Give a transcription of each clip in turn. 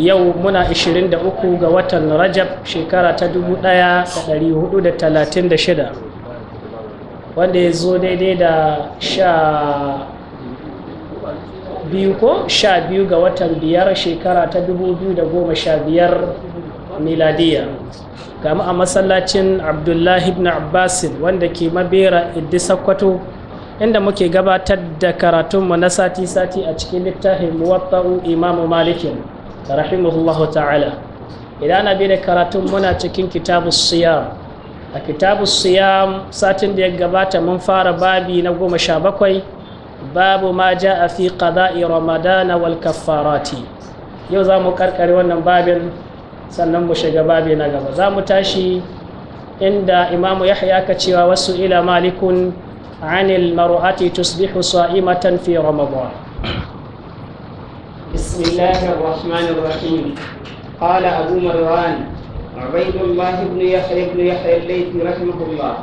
yau muna 23 ga watan rajab shekara ta 1436 wanda ya zo daidai da sha biyu ko sha biyu ga watan biyar shekara ta 2015 miladiya gama a masallacin abdullahi ibn abbasin wanda ke mabera iddi sakkwato inda muke gabatar da karatunmu na sati-sati a cikin littafin muwatta'u imamu malikin rahimahullahu ta'ala idan ana bi da karatun muna cikin kitabu siyam a kitabu siyam satin da ya gabata mun fara babi na goma sha bakwai babu ma ja a fi qada'i ramadana wal kaffarati yau za mu karkare wannan babin sannan mu shiga babi na gaba za mu tashi inda imamu yahya aka cewa wasu ila malikun anil mar'ati tusbihu sa'imatan fi ramadan بسم الله الرحمن الرحيم قال أبو مروان عبيد الله بن يحيى بن يحيى الليثي رحمه الله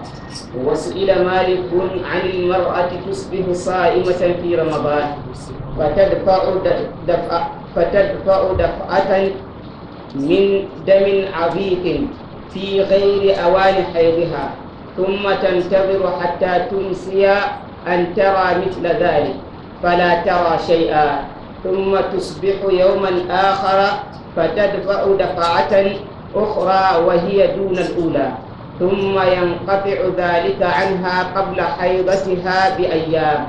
وسئل مالك عن المرأة تصبح صائمة في رمضان فتدفع دفع فتدفع دفعة من دم عبيق في غير أوان حيضها ثم تنتظر حتى تمسي أن ترى مثل ذلك فلا ترى شيئا ثم تصبح يوما آخر فتدفع دفعة أخرى وهي دون الأولى ثم ينقطع ذلك عنها قبل حيضتها بأيام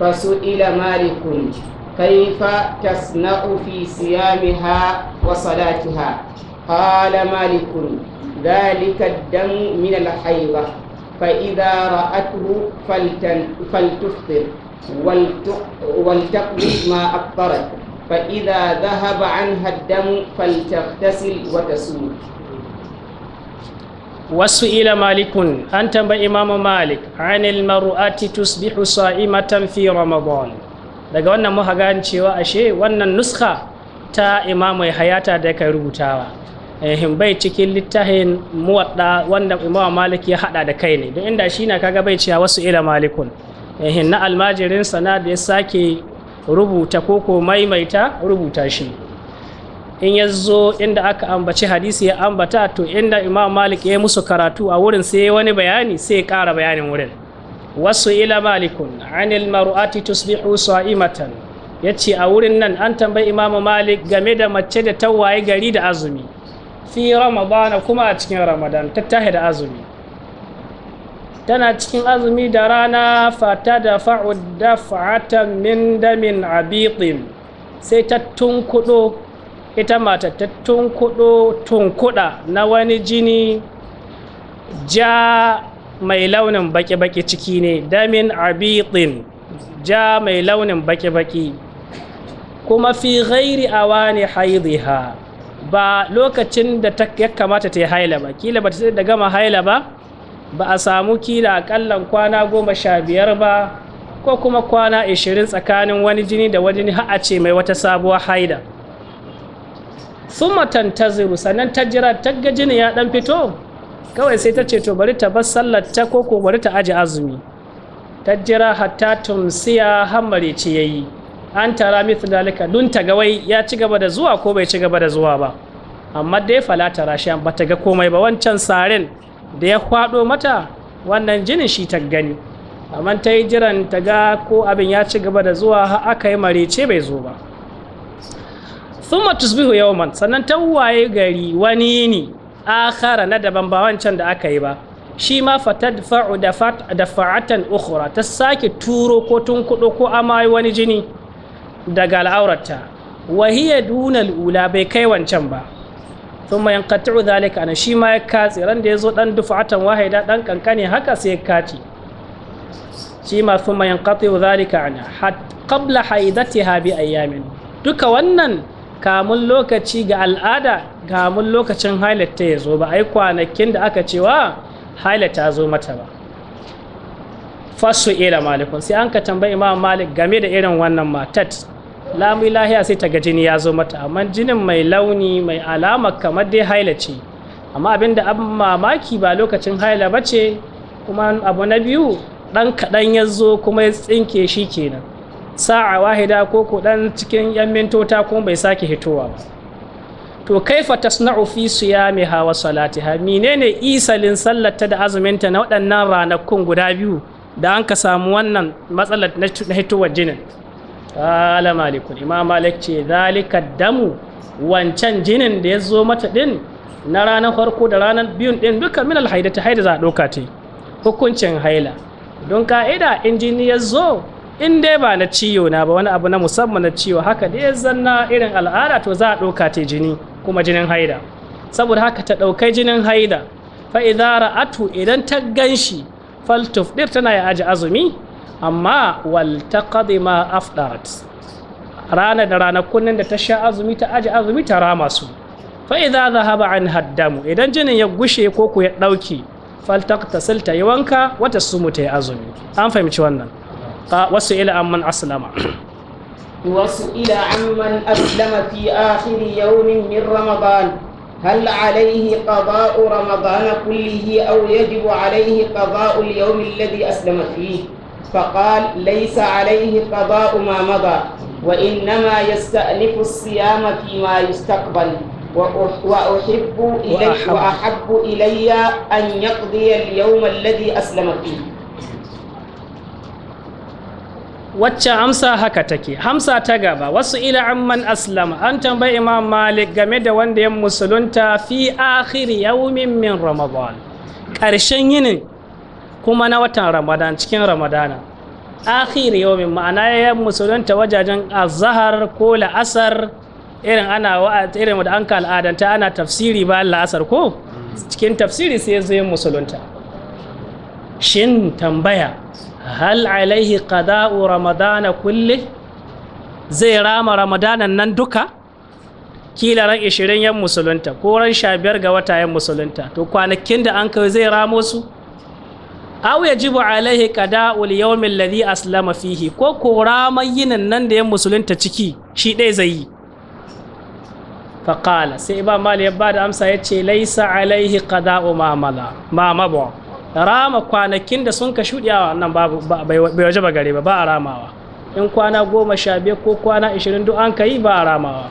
فسئل مالك كيف تصنع في صيامها وصلاتها قال مالك ذلك الدم من الحيضة فإذا رأته فلتفطر ولتقلد ما أكبرت فإذا ذهب عنها الدم فلتغتسل وتسود وسئل مالك أن تنبى مالك عن المرأة تصبح صائمة في رمضان daga wannan muka gane cewa ashe wannan nuska ta imamu hayata da ya rubutawa bai cikin littafin muwadda wanda imamu malik ya hada da kai ne don inda shi na kaga bai cewa wasu ila malikun na almajirin sana da ya sake rubuta ko maimaita rubuta shi in ya zo inda aka ambaci hadisi ya ambata to inda imam malik ya musu karatu a wurin sai ya wani bayani sai ya kara bayanin wurin wasu ila malikun anil maru'ati tusbihu sa'imatan ya a wurin nan an tambayi imam malik game da mace da tawaye gari da azumi fi ramadana kuma a cikin ramadan ta tahi azumi tana cikin azumi da rana fata da fa'u dafa'atan min damin abiqin sai ta tunkuɗo ita mata ta tunkuɗo tunkuɗa na wani jini ja mai launin baƙi-baƙi ciki ne damin abiqin ja mai launin baƙi-baƙi kuma fi ghairi a wani haidiha ba lokacin da ya kamata ta yi haila ba kila ba ta da gama haila ba ba a samu kila akallan kwana goma sha biyar ba ko kuma kwana ashirin tsakanin wani jini da wani ha a ce mai wata sabuwar haida sun ziru sannan ta jira ta ga jini ya dan fito kawai sai ta ce to bari ta bar sallar ta ko ko bari ta aji azumi ta jira hatta tumsiya hammare ce ya yi. an tara mithla dalika dun ta ga wai ya ci gaba da zuwa ko bai ci gaba da zuwa ba amma dai fala tara shi ba ta ga komai ba wancan sarin da ya kwaɗo mata wannan jinin shi ta gani amma ta yi jiran ta ga ko abin ya ci gaba da zuwa har aka yi marece bai zo ba thumma tusbihu yawman sannan ta waye gari wani ne akhara na daban ba wancan da aka yi ba shi ma fatadfa'u dafa'atan ukhra ta sake turo ko tunkudo ko amai wani jini daga wa wahiyar dunal ula bai kai wancan ba thumma yanqati'u dhalika ana shi ma ya katse ran da yazo dan dufatan wahida dan kankane haka sai ya kace shi ma thumma yanqati'u dhalika ana hat qabla haidatiha bi ayamin duka wannan kamun lokaci ga al'ada kamun lokacin hailat ta zo ba ai kwanakin da aka cewa hailat ta zo mata ba fasu ila malikun sai an ka tambayi imam malik game da irin wannan matat lamun lahiya sai ta ga jini ya zo mata amma jinin mai launi mai alama kamar dai haila ce amma abin da abin mamaki ba lokacin haila ba ce kuma abu na biyu ɗan kaɗan ya zo kuma ya tsinke shi kenan sa'a wahida ko ko ɗan cikin yan mintota kuma bai sake hitowa ba to kaifa tasna'u fi siyamiha wa salatiha menene isalin sallarta da azuminta na waɗannan ranakun guda biyu da an ka samu wannan matsalar na hitowar jinin qala malikun imam malik ce zalika damu wancan jinin da ya zo mata din na ranar farko da ranar biyun din duka min alhaida ta haida za a ɗauka ta hukuncin haila don ka'ida in jini ya zo in dai ba na ciwo na ba wani abu na musamman na ciwo haka da ya zanna irin al'ada to za a ɗauka ta jini kuma jinin haida saboda haka ta ɗaukai jinin haida fa idza ra'atu idan ta ganshi faltuf ɗir tana ya aji azumi amma wal ma afdarat rana da ranakun da ta sha azumi ta aji azumi ta rama su fa idza dhahaba an haddamu idan jinin ya gushe ko ku ya dauke faltaqtasil ta yi wanka wata sumu ta yi azumi an fahimci wannan wasu ila amman aslama وسئل عمن أسلم في آخر يوم من رمضان هل عليه قضاء رمضان كله أو يجب عليه قضاء اليوم الذي أسلم فيه فقال ليس عليه قضاء ما مضى وإنما يستأنف الصيام فيما يستقبل وأحب إلي وأحب إلي أن يقضي اليوم الذي أسلم فيه wacce amsa haka take hamsa ta gaba wasu ila amman aslama an tambayi imam malik game da wanda ya musulunta fi akhir yawmin min ramadan ƙarshen yinin kuma na watan ramadan cikin ramadana akhir yawmin ma'ana ya musulunta wajajen azhar ko la'asar irin ana irin da an ka al'adanta ana tafsiri bayan la'asar ko cikin tafsiri sai zai musulunta shin tambaya hal alaihi qada'u ramadana kulle zai rama ramadanan nan duka kila ran 20 yan musulunta ko ran 15 ga wata yan musulunta to kwanakin da an kai zai ramo su aw yajibu alaihi qada'ul yawmin alladhi aslama fihi ko ko yinan nan da ya musulunta ciki shi dai zai yi fa qala sai ba mali ya bada amsa yace laisa alaihi qada'u ma mala ma mabu rama kwanakin da sun ka shudiyawa nan babu bai waje ba gare ba ba a ramawa in kwana goma sha biyar ko kwana ashirin duk an kai ba a ramawa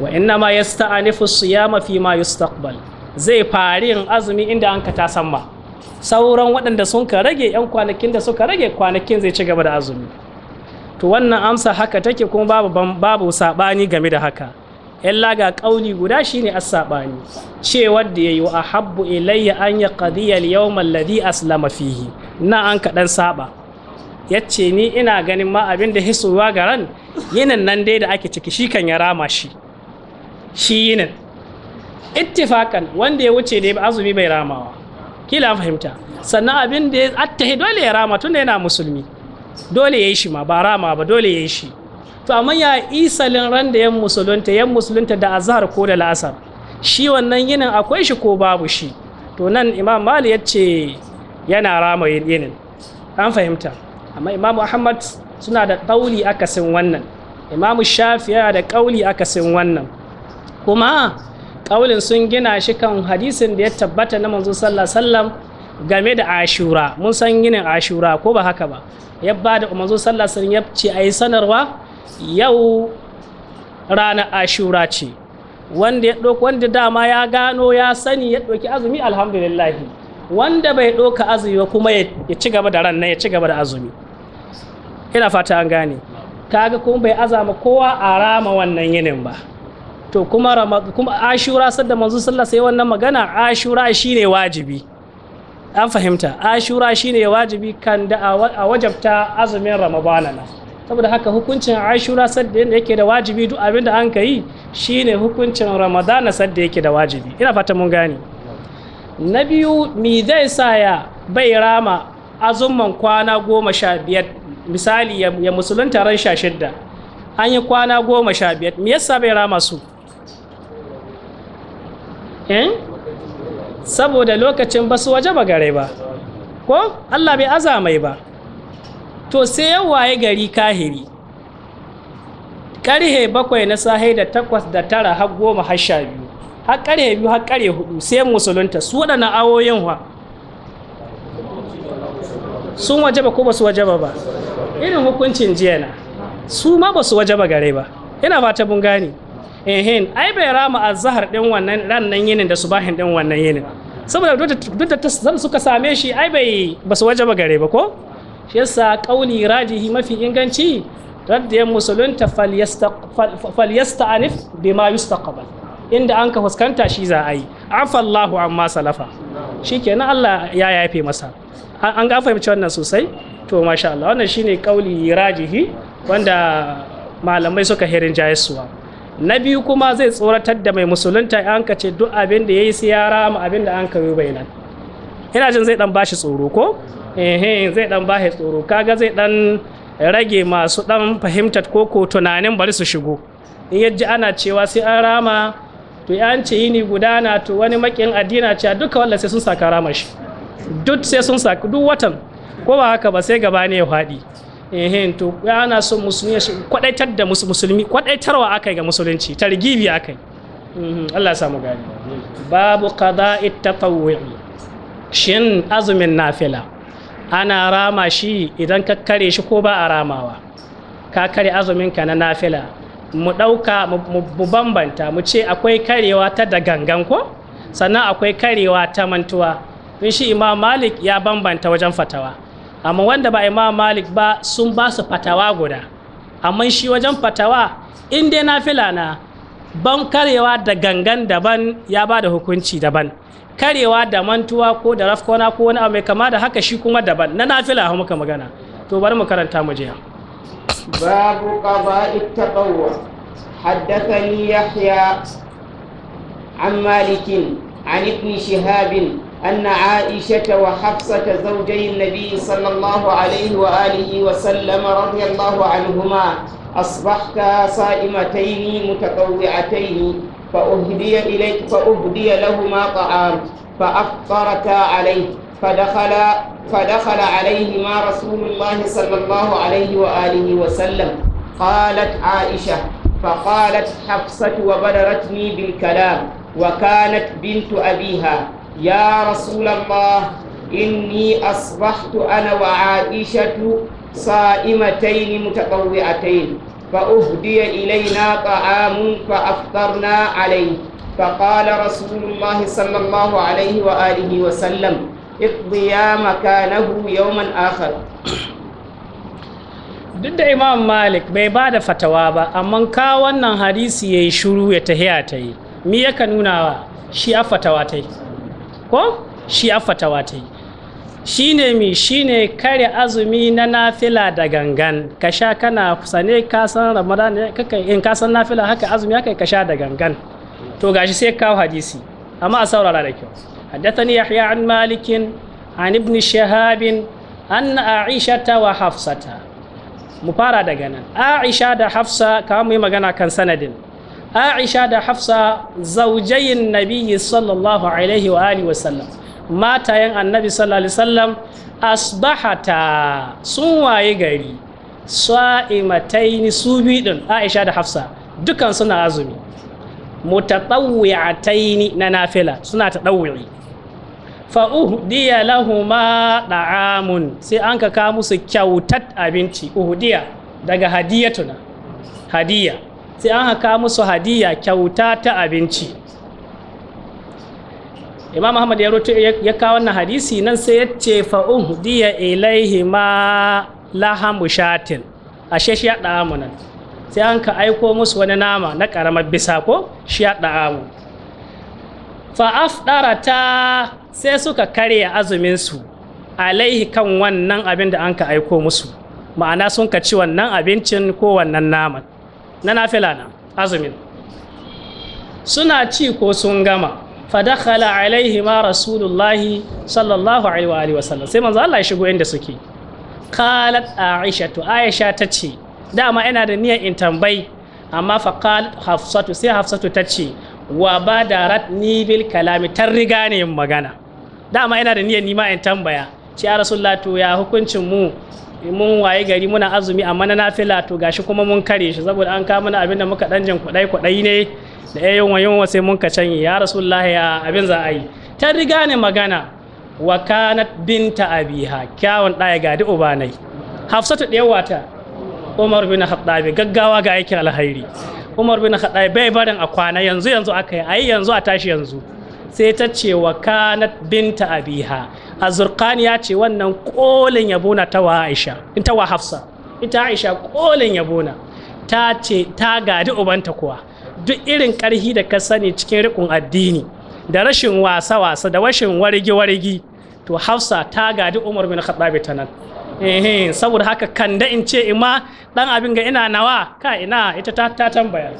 wa inna ma yasta'anifu siyama fi ma yustaqbal zai fari yin azumi inda an ka ta sama. sauran waɗanda sun ka rage 'yan kwanakin da suka rage kwanakin zai ci gaba da azumi to wannan amsa haka take kuma babu babu saɓani game da haka illa ga ƙauni guda shine as saɓani cewar da yayi wa habbu ilayya an ya qadiya al-yawm alladhi aslama fihi na an kaɗan saɓa yace ni ina ganin ma abin da hisuwa ga ran yinin nan dai da ake ciki shi kan ya rama shi shi yinin ittifakan wanda ya wuce dai azumi bai ramawa kila fahimta sannan abin da ya attahi dole ya rama tunda yana musulmi dole ya yi shi ma ba rama ba dole ya yi shi to amma ya isalin ran da yan musulunta yan musulunta da azhar ko da la'asar shi wannan yinin akwai shi ko babu shi to nan imam mali ya ce yana rama yinin an fahimta amma imam ahmad suna da kauli akasin wannan imam shafi yana da kauli akasin wannan kuma ƙaulin sun gina shi kan hadisin da ya tabbata na manzo sallallahu alaihi game da ashura mun san ginin ashura ko ba haka ba ya ba da manzo sallallahu alaihi wasallam ya ce ayi sanarwa yau ranar ashura ce wanda ya ɗauki wanda dama ya gano ya sani ya ɗauki azumi alhamdulillah wanda bai ɗauka azumi ba kuma ya ci gaba da ran ya ci gaba da azumi ina fata an gane kaga kuma bai azama kowa a rama wannan yinin ba to kuma kuma ashura sadda manzo sallah sai wannan magana ashura shine wajibi an fahimta ashura shine wajibi kan da a wajabta azumin ramadana na saboda haka hukuncin ashura sadda yake da wajibi duk abin da an ka yi shine hukuncin ramadana sadda yake da wajibi ina fata mun gane na biyu mi zai sa ya bai rama azumman kwana goma sha biyar misali ya musulunta ran sha shidda an yi kwana goma sha biyar me yasa bai rama su Eh? saboda lokacin ba su waje ba gare ba ko Allah bai aza mai ba to sai ya waye gari kahiri karhe bakwai na sahai da takwas da tara har goma har sha biyu har karhe biyu har karhe hudu sai musulunta su waɗanda awoyin wa sun waje ba ko ba su waje ba irin hukuncin jiya na su ma ba su waje ba gare ba ina fata mun gani ehin ai bai rama azhar din wannan ran nan yinin da subahin din wannan yinin saboda duk da suka same shi ai bai basu waje ba gare ba ko shi yasa kauli rajihi mafi inganci raddiyan musulunta falyasta'anif bima yustaqbal inda an ka fuskanta shi za a yi afallahu amma salafa shikenan Allah ya yafe masa an ga fahimci wannan sosai to masha Allah wannan shine kauli rajihi wanda malamai suka herin jayasuwa na biyu kuma zai tsoratar da mai musulunta an ka ce duk abin da ya yi siyara ma abin da an ka kawo nan. ina jin zai dan bashi tsoro ko eh zai dan bashi tsoro kaga zai dan rage masu dan fahimtar ko tunanin bari su shigo in yaji ana cewa sai an rama to an ce yini gudana to wani makin addina cewa duka walla sai sun saka rama shi duk sai sun saka duk watan ko ba haka ba sai gaba ne ya fadi. ehen to ana so musulmi ya kwadaitar da musulmi kwadaitarwa akai ga musulunci targibi akai mhm, Allah samu gani babu qada'i tatawwu'i shin azumin nafila ana rama shi idan ka kare shi ko ba a ramawa ka kare azumin ka na nafila mu ɗauka mu bambanta mu ce akwai karewa ta da gangan ko sannan akwai karewa ta mantuwa shi imam malik ya bambanta wajen fatawa amma wanda ba imam malik ba sun ba su fatawa guda amma shi wajen fatawa in dai fila na ban karewa da gangan daban ya ba da hukunci daban karewa da mantuwa ko da rafkona ko wani abu mai kama da haka shi kuma daban na nafila muka magana to bari mu karanta mu jiya babu qada'i taqawwa haddathani yahya an malikin an ibn shihabin أن عائشة وحفصة زوجي النبي صلى الله عليه وآله وسلم رضي الله عنهما أصبحتا صائمتين متطوعتين فأهدي إليك فأهدي لهما طعام فأفطرتا عليه فدخل فدخل عليهما رسول الله صلى الله عليه وآله وسلم قالت عائشة فقالت حفصة وبررتني بالكلام وكانت بنت أبيها يا رسول الله إني أصبحت أنا وعائشة صائمتين متطوعتين فأهدي إلينا طعام فأفطرنا عليه فقال رسول الله صلى الله عليه وآله وسلم اقضي يا مكانه يوما آخر duk da imam malik bai ba da fatawa ba amma ka wannan hadisi ya yi shuru ya tahiya ta yi mi yaka nunawa shi a fatawa ta yi ko shi fatawa ta yi shi ne mi shi ne kare azumi na nafila da gangan ka sha kana sane ka san ramadan in ka san nafila haka azumi haka ka sha da gangan to gashi sai kawo hadisi amma a saurara da kyau haddathani yahya an malikin an ibn shahabin an aishata wa hafsata mu fara daga nan aisha da hafsa ka mu yi magana kan sanadin aisha da hafsa zaujayin nabiyyi sallallahu alaihi wa alihi wasallam matayen annabi sallallahu alaihi wasallam asbahata sun waye gari sa'imataini su bidin aisha da hafsa dukan suna azumi mutatawwi'ataini na nafila suna ta tadawwi fa uhdiya lahuma da'amun sai an ka ka musu kyautat abinci uhdiya daga hadiyatuna hadiya sai an haka musu hadiya kyauta ta abinci imam ahmad ya roto ya kawo wannan hadisi nan sai ya ce fa'un diya ilaihi ma lahamu shatin ashe shi ya amu nan sai an ka aiko musu wani nama na ƙaramar bisa ko shi ya fa'af fa'afɗarata sai suka karya azuminsu alaihi kan wannan abin da an ka aiko musu ma'ana sun ka ci wannan abincin ko wannan naman na nafila na azumin suna ci ko sun gama fadakhala alaihi ma rasulullahi sallallahu alaihi wa sallam sai manzo Allah ya shigo inda suke qalat aisha to aisha ta ce dama ina da niyyar in tambayi amma fa qalat hafsatu sai hafsatu ta ce wa badarat ni bil kalami tar riga ne magana dama ina da niyyar nima in tambaya ci ya to ya hukuncin mu mun waye gari muna azumi amma na nafila to gashi kuma mun kare shi saboda an kawo mana abin da muka dan jin kudai kudai ne da yayin wayon wa sai mun ka canyi ya rasulullah ya abin za a yi ta riga ne magana wa kanat binta abiha kyawun daya gadi ubanai hafsatu da yawata umar bin khattab gaggawa ga yake alhairi umar bin khattab bai barin a kwana yanzu yanzu aka yi ai yanzu a tashi yanzu sai ta ce wa kanat binta abiha azurkan ya ce wannan kolin yabona ta wa aisha in ta wa hafsa ita aisha kolin yabona ta ce ta gadi ubanta kuwa duk irin karhi da ka sani cikin rikon addini da rashin wasa wasa da rashin warigi warigi to hafsa ta gadi umar bin khattabi ta nan eh saboda haka kan da in ce ima dan abin ga ina nawa ka ina ita ta tambaya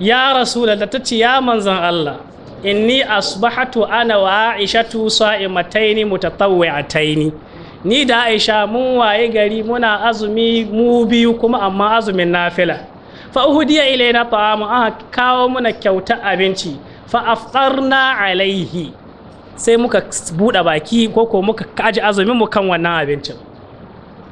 ya rasulallah ta ce ya manzon Allah inni asbahatu ana wa aishatu sa'imataini mutatawwi'ataini ni da aisha mun waye gari muna azumi mu biyu kuma amma azumin nafila fa uhudiya ilaina ta'amu aka kawo muna kyauta abinci fa afqarna alaihi sai muka buɗe baki ko ko muka kaji azumin mu kan wannan abincin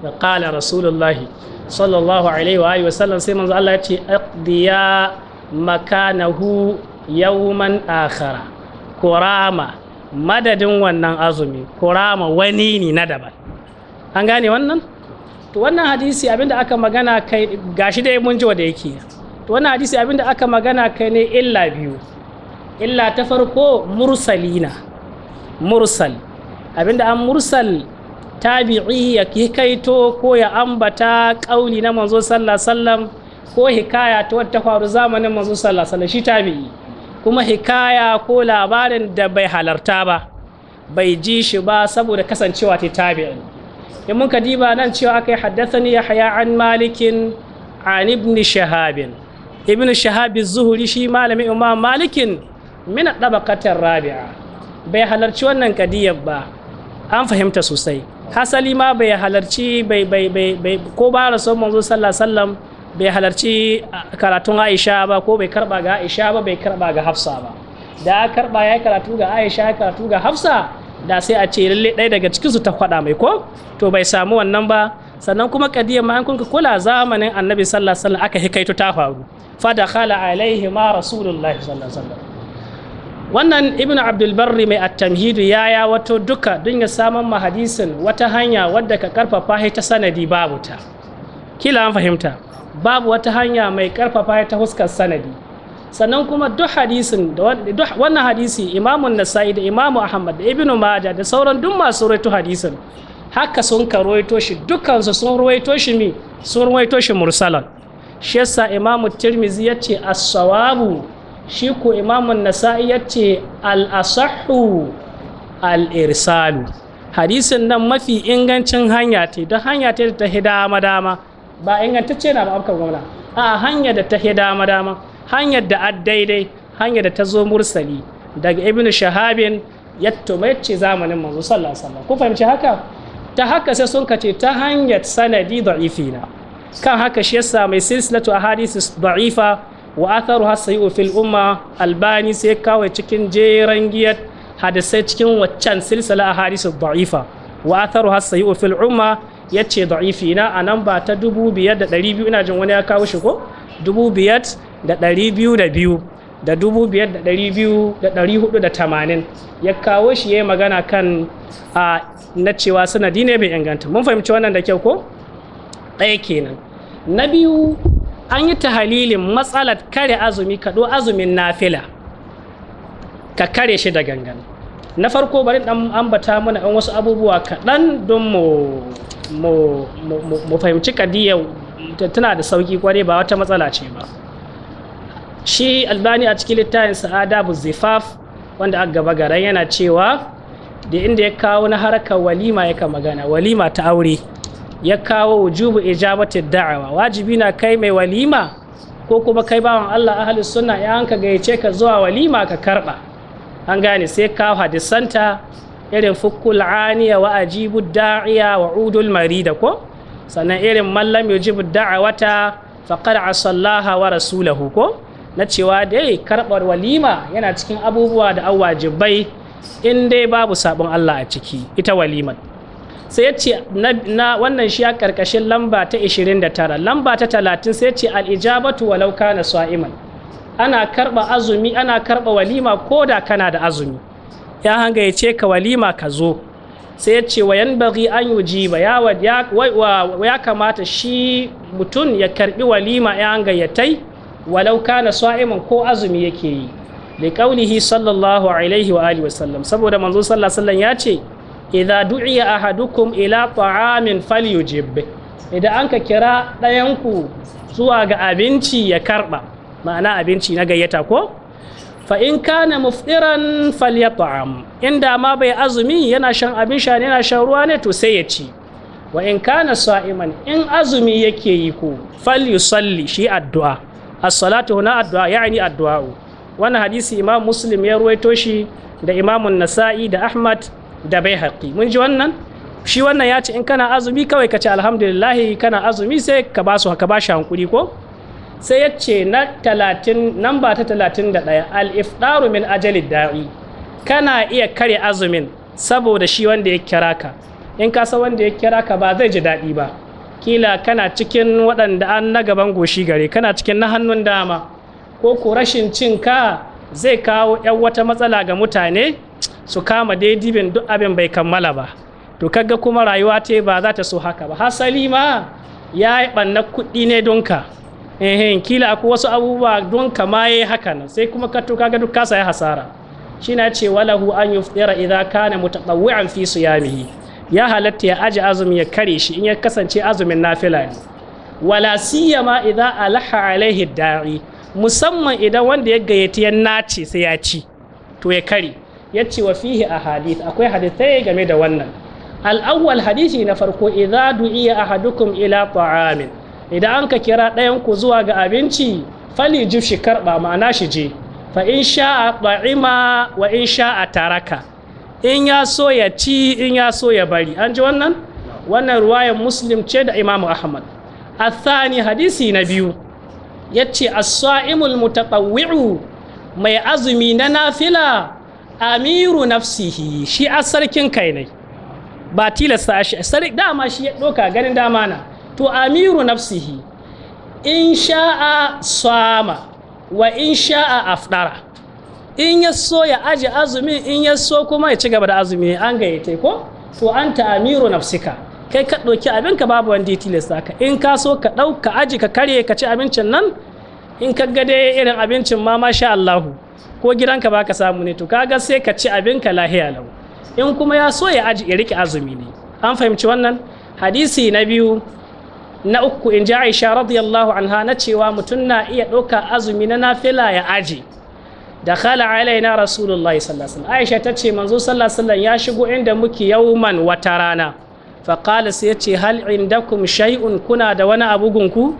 da qala rasulullahi sallallahu alaihi wa alihi wa sallam sai manzo Allah ya ce aqdiya makanahu yawman akhara kurama madadin wannan azumi kurama wani ne na daban an gane wannan to wannan hadisi abinda aka magana kai gashi dai mun ji wa da yake to wannan hadisi abinda aka magana kai ne illa biyu illa ta farko mursalina mursal abinda an mursal tabi'i ya kaito ko ya ambata kauli na manzo sallallahu alaihi wasallam ko hikaya ta wata faru zamanin manzo sallallahu alaihi wasallam shi tabi'i kuma hikaya ko labarin da bai halarta ba bai ji shi ba saboda kasancewa ta tabi'in in mun diba nan cewa aka yi haddathani yahya an malikin an ibn shahabin ibn shahabi zuhuri shi malami imam malikin min dabaqatir rabi'a bai halarci wannan kadiyar ba an fahimta sosai hasali ma bai halarci bai bai bai ko ba rasul manzo sallallahu alaihi wasallam bai halarci karatun aisha ba ko bai karba ga aisha ba bai karba ga hafsa ba da karba ya karatu ga aisha ya karatu ga hafsa da sai a ce lalle ɗaya daga cikin su ta faɗa mai ko to bai samu wannan ba sannan kuma kadiyar ma an kunka kula zamanin annabi sallallahu alaihi wasallam aka hikaito ta faru fada khala alaihi ma rasulullahi sallallahu alaihi wannan ibn abdulbarri mai attamhidu ya ya wato duka don ya saman ma wata hanya wadda ka karfafa ta sanadi babu ta kila an fahimta babu wata hanya mai karfafa ta huskar sanadi sannan kuma duk hadisin da wannan hadisi imamun nasa'i da imamu ahmad da ibnu maja da sauran duk masu rawaito hadisin haka sun ka rawaito shi dukkansu sun rawaito shi mi sun rawaito shi mursalan shi yasa imamu tirmizi ya ce as-sawabu shi ko imamun nasa'i ya ce al-asahhu al hadisin nan mafi ingancin hanya ce don hanya ce da ta hidama dama ba ingantacce na ba afkan gwamna a hanyar da ta he dama dama hanyar da ad daidai hanyar da ta zo mursali daga ibn shahabin ya tumace zamanin manzo sallallahu alaihi wasallam ku fahimci haka ta haka sai sun kace ta hanyar sanadi da'ifina kan haka shi yasa mai silsilatu ahadith da'ifa wa atharuha sayyi'u fil umma albani sai kawai cikin jeran giyar hadisai cikin waccan silsila ahadith da'ifa wa harsayi sayyi'u fil umma ya ce da'ifi na a nan ba ta dubu biyar da ɗari biyu ina jin wani ya kawo shi ko dubu biyar da ɗari biyu da biyu da dubu biyar da ɗari biyu da ɗari hudu da tamanin ya kawo shi ya yi magana kan a na cewa sanadi ne mai inganta mun fahimci wannan da kyau ko ɗaya kenan na biyu an yi ta halilin matsalar kare azumi kaɗo azumin nafila ka kare shi da gangan na farko bari ɗan ambata mana ɗan wasu abubuwa kaɗan don mu mu fahimci kadiyar tana da sauki kwarai ba wata matsala ce ba shi albani a cikin littafin sa'ada bu zifaf wanda aka gaba garan yana cewa da inda ya kawo na harkar walima yaka magana walima ta aure ya kawo wujubu ijabatu da'awa wajibi na kai mai walima ko kuma kai bawan Allah ahli sunna ya hanka gayyace ka zuwa walima ka karba an gane sai kawo hadisanta irin fukul aniya wa ajibu da'iya wa udul marida ko sannan irin mallam yujibu da'awata faqad asallaha wa rasulahu ko na cewa dai karɓar walima yana cikin abubuwa da wajibai in dai babu sabon Allah a ciki ita walimar sai ya ce na wannan shi ya karkashin lamba ta 29 lamba ta 30 sai ya ce al-ijabatu walau kana sa'iman ana karba azumi ana karba walima ko da kana da azumi ya hanga ya ce ka walima ka zo sai ya ce wa yan an yi ba ya kamata shi mutum ya karbi walima ya hanga ya tai walau kana sa'iman ko azumi yake yi kaunihi sallallahu alaihi wa alihi wasallam saboda manzo sallallahu sallam ya ce idan du'iya ahadukum ila ta'amin falyujib idan anka kira ɗayanku zuwa ga abinci ya karba ma'ana abinci na gayyata ko fa in kana mufdiran falyat'am inda ma bai azumi yana shan abin sha ne yana shan ruwa ne to sai ya ci wa in kana sa'iman in azumi yake yi ko salli shi addu'a as-salatu huna addu'a ya'ni addu'a Wani hadisi imam muslim ya ruwaito shi da imam nasa'i da ahmad da bai haƙi. mun ji wannan shi wannan ya ce in kana azumi kawai ka ce alhamdulillahi kana azumi sai ka ba su ka ba shi hankuri ko sai ya ce na talatin nan ta talatin da ɗaya al-iftaru min ajalid da'i kana iya kare azumin saboda shi wanda ya kira ka in kasa wanda ya kira ka ba zai ji daɗi ba kila kana cikin waɗanda an na gaban goshi gare kana cikin na hannun dama ko ku rashin cin ka zai kawo yan wata matsala ga mutane su kama daidibin duk abin bai kammala ba to kaga kuma rayuwa ta ba za ta so haka ba hasali ma ya yi ɓanna kuɗi ne don ka eh kila ko wasu abubuwa don kama yayi haka nan sai kuma ka to kaga duk ka saya hasara shi na ce walahu an yuftira idza kana mutatawwi'an fi siyamihi ya halatta ya aji azumi ya kare shi in ya kasance azumin nafila ne wala siyama idza alaha alaihi da'i musamman idan wanda ya gayyaci ya nace sai ya ci to ya kare ya ce wa fihi ahadith akwai hadithai game da wannan al-awwal hadisi na farko idza du'iya ahadukum ila ta'amin idan an ka kira ɗayan ku zuwa ga abinci fali jif shi karɓa ma'ana shi je fa in sha'a ɗa'ima wa in sha'a taraka in ya so ya ci in ya so ya bari an ji wannan wannan ruwayan muslim ce da imamu ahmad A athani hadisi na biyu ya ce as-sa'imul mai azumi na nafila amiru nafsihi shi a sarkin kai ne ba tilasta shi dama shi ya ɗoka ganin dama na to amiru nafsihi in sha'a sama wa in sha'a afdara in ya so ya aji azumi in ya so kuma ya ci gaba da azumi an gayyace ko to anta amiru nafsika kai ka ɗauki abinka babu wanda ya tilasta ka in ka so ka ɗauka aji ka karye ka ci abincin nan in ka ga dai irin abincin ma masha Allahu ko gidanka ba ka samu ne to kaga sai ka ci abinka lahiya lau in kuma ya so ya aji ya rike azumi ne an fahimci wannan hadisi na biyu na uku in ji aisha radiyallahu anha na cewa mutum na iya ɗauka azumi na nafila ya aji da khala alaina rasulullah sallallahu aisha ta ce manzo sallallahu ya shigo inda muke yauman wata rana fa qala sai ce hal indakum shay'un kuna da wani abu gunku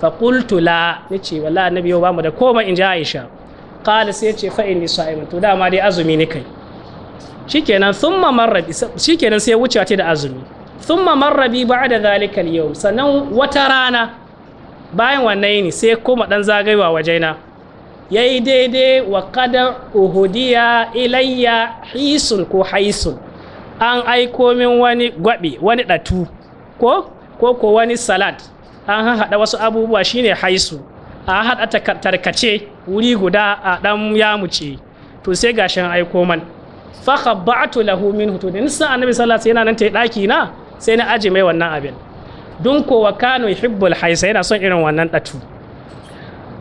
fa qultu la nace wallahi annabi ba mu da komai in ji aisha qala sai ce fa inni sa'imun to dama dai azumi ne kai shikenan thumma marra shikenan sai wuce ta da azumi thumma marra bi ba'da zalika al-yawm sannan wata rana bayan wannan yini sai kuma dan zagaiwa wajena yayi daidai wa qad uhudiya ilayya hisul ko haisu. an aiko min wani gwabi wani datu ko ko ko wani salad an haɗa wasu abubuwa shine haisu a haɗa tarkace wuri guda a ɗan yamuce to sai gashin aiko man fa khabba'tu lahu minhu to da nisa annabi sallallahu alaihi wasallam yana nan tayi daki na sai na aji mai wannan abin dun kowa kano hibbul haisa yana son irin wannan ɗatu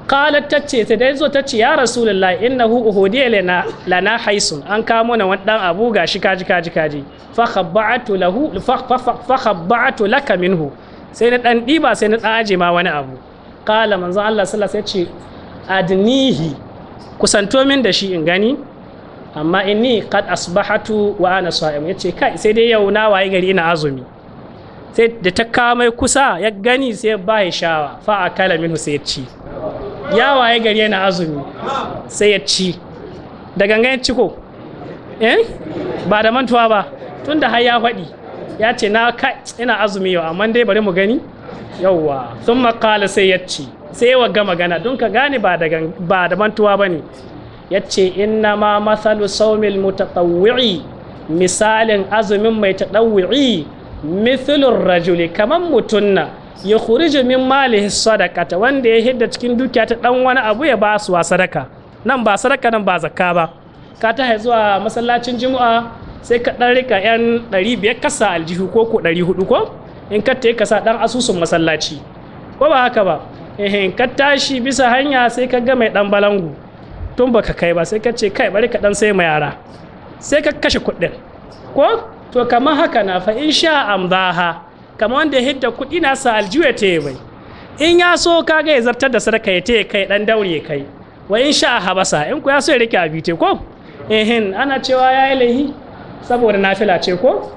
qalat tace ta dai zo tace ya rasulullahi innahu uhudiya lana lana haisun an kamo na wani dan abu gashi kaji kaji kaji fa khabba'tu lahu fa khabba'tu laka sai na dan diba sai na dan ma wani abu qala manzo Allah sallallahu alaihi wasallam sai ce adnihi kusanto min da shi in gani amma inni kad asbahatu wa ana sa'im yace kai sai dai yau na waye gari ina azumi sai da ta kawo mai kusa ya gani sai ba ya shawa fa akala minhu sai ya ci ya waye gari yana azumi sai ya ci da gangan ci ko eh ba da mantuwa ba tunda har ya faɗi ya ce na kai ina azumi yau amma dai bari mu gani yauwa sun makala sai ya ci sai wa gama magana don ka gane ba da mantuwa ba ne Ya yace inna ma matsalu saumil mutatawwi'i misalin azumin mai tatawwi'i mithlur rajuli kaman mutunna ya khuriju min malihi ta wanda ya hidda cikin dukiya ta ɗan wani abu ya ba su wa sadaka nan ba sadaka nan ba zakka ba ka ta zuwa masallacin juma'a sai ka ɗan rika yan biyar kasa aljihu ko ko 400 ko in ka ta kasa ɗan asusun masallaci ko ba haka ba in ka tashi bisa hanya sai ka ga mai ɗan balangu tun baka kai ba sai ka ce kai bari ka dan sai ma yara sai ka kashe kuɗin ko to kamar haka na fa in sha amdaha kamar wanda hidda kuɗi na sa aljiwa ta yi bai in ya so kaga ya zartar da sadaka ya taya kai dan daure kai wa in sha habasa in ku ya so ya rike abi ko ehin ana cewa yayi lahi saboda nafila ce ko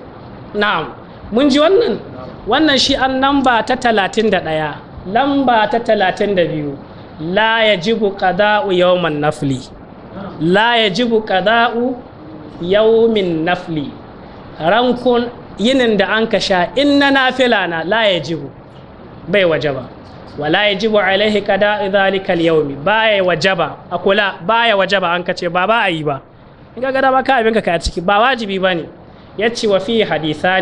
na'am mun ji wannan wannan shi an lamba ta 31 lamba ta 32 la yajibu qada'u yawman nafli la yajibu qada'u yawmin nafli rankun yinin da an ka sha in na nafila na la jibu bai wajaba wala yajibu alaihi qada'u dhalika al-yawmi baya wajaba akula baya wajaba an ka ce ba a yi ba in ka gada ba ka abin ka ciki ba wajibi ya yace wa fi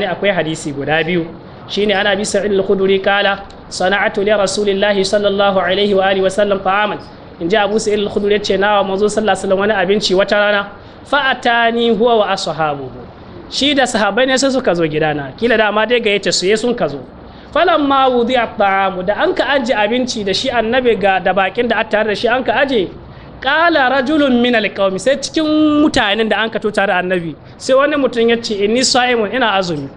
ne akwai hadisi guda biyu shine ana bisa sa'id al kala sana'atu li rasulillahi sallallahu alaihi wa alihi wa sallam ta'aman in ji abu sa'id al-khudri yace nawa manzo sallallahu alaihi wani abinci wata rana fa atani huwa wa ashabuhu shi da sahabbai ne sai suka zo gidana kila da ma dai ga yace su sun ka zo falamma wudi'a ta'amu da an ka aje abinci da shi annabi ga da bakin da attare da shi an ka aje kala rajulun min alqawmi sai cikin mutanen da an ka to tare annabi sai wani mutum ya yace inni sa'imun ina azumi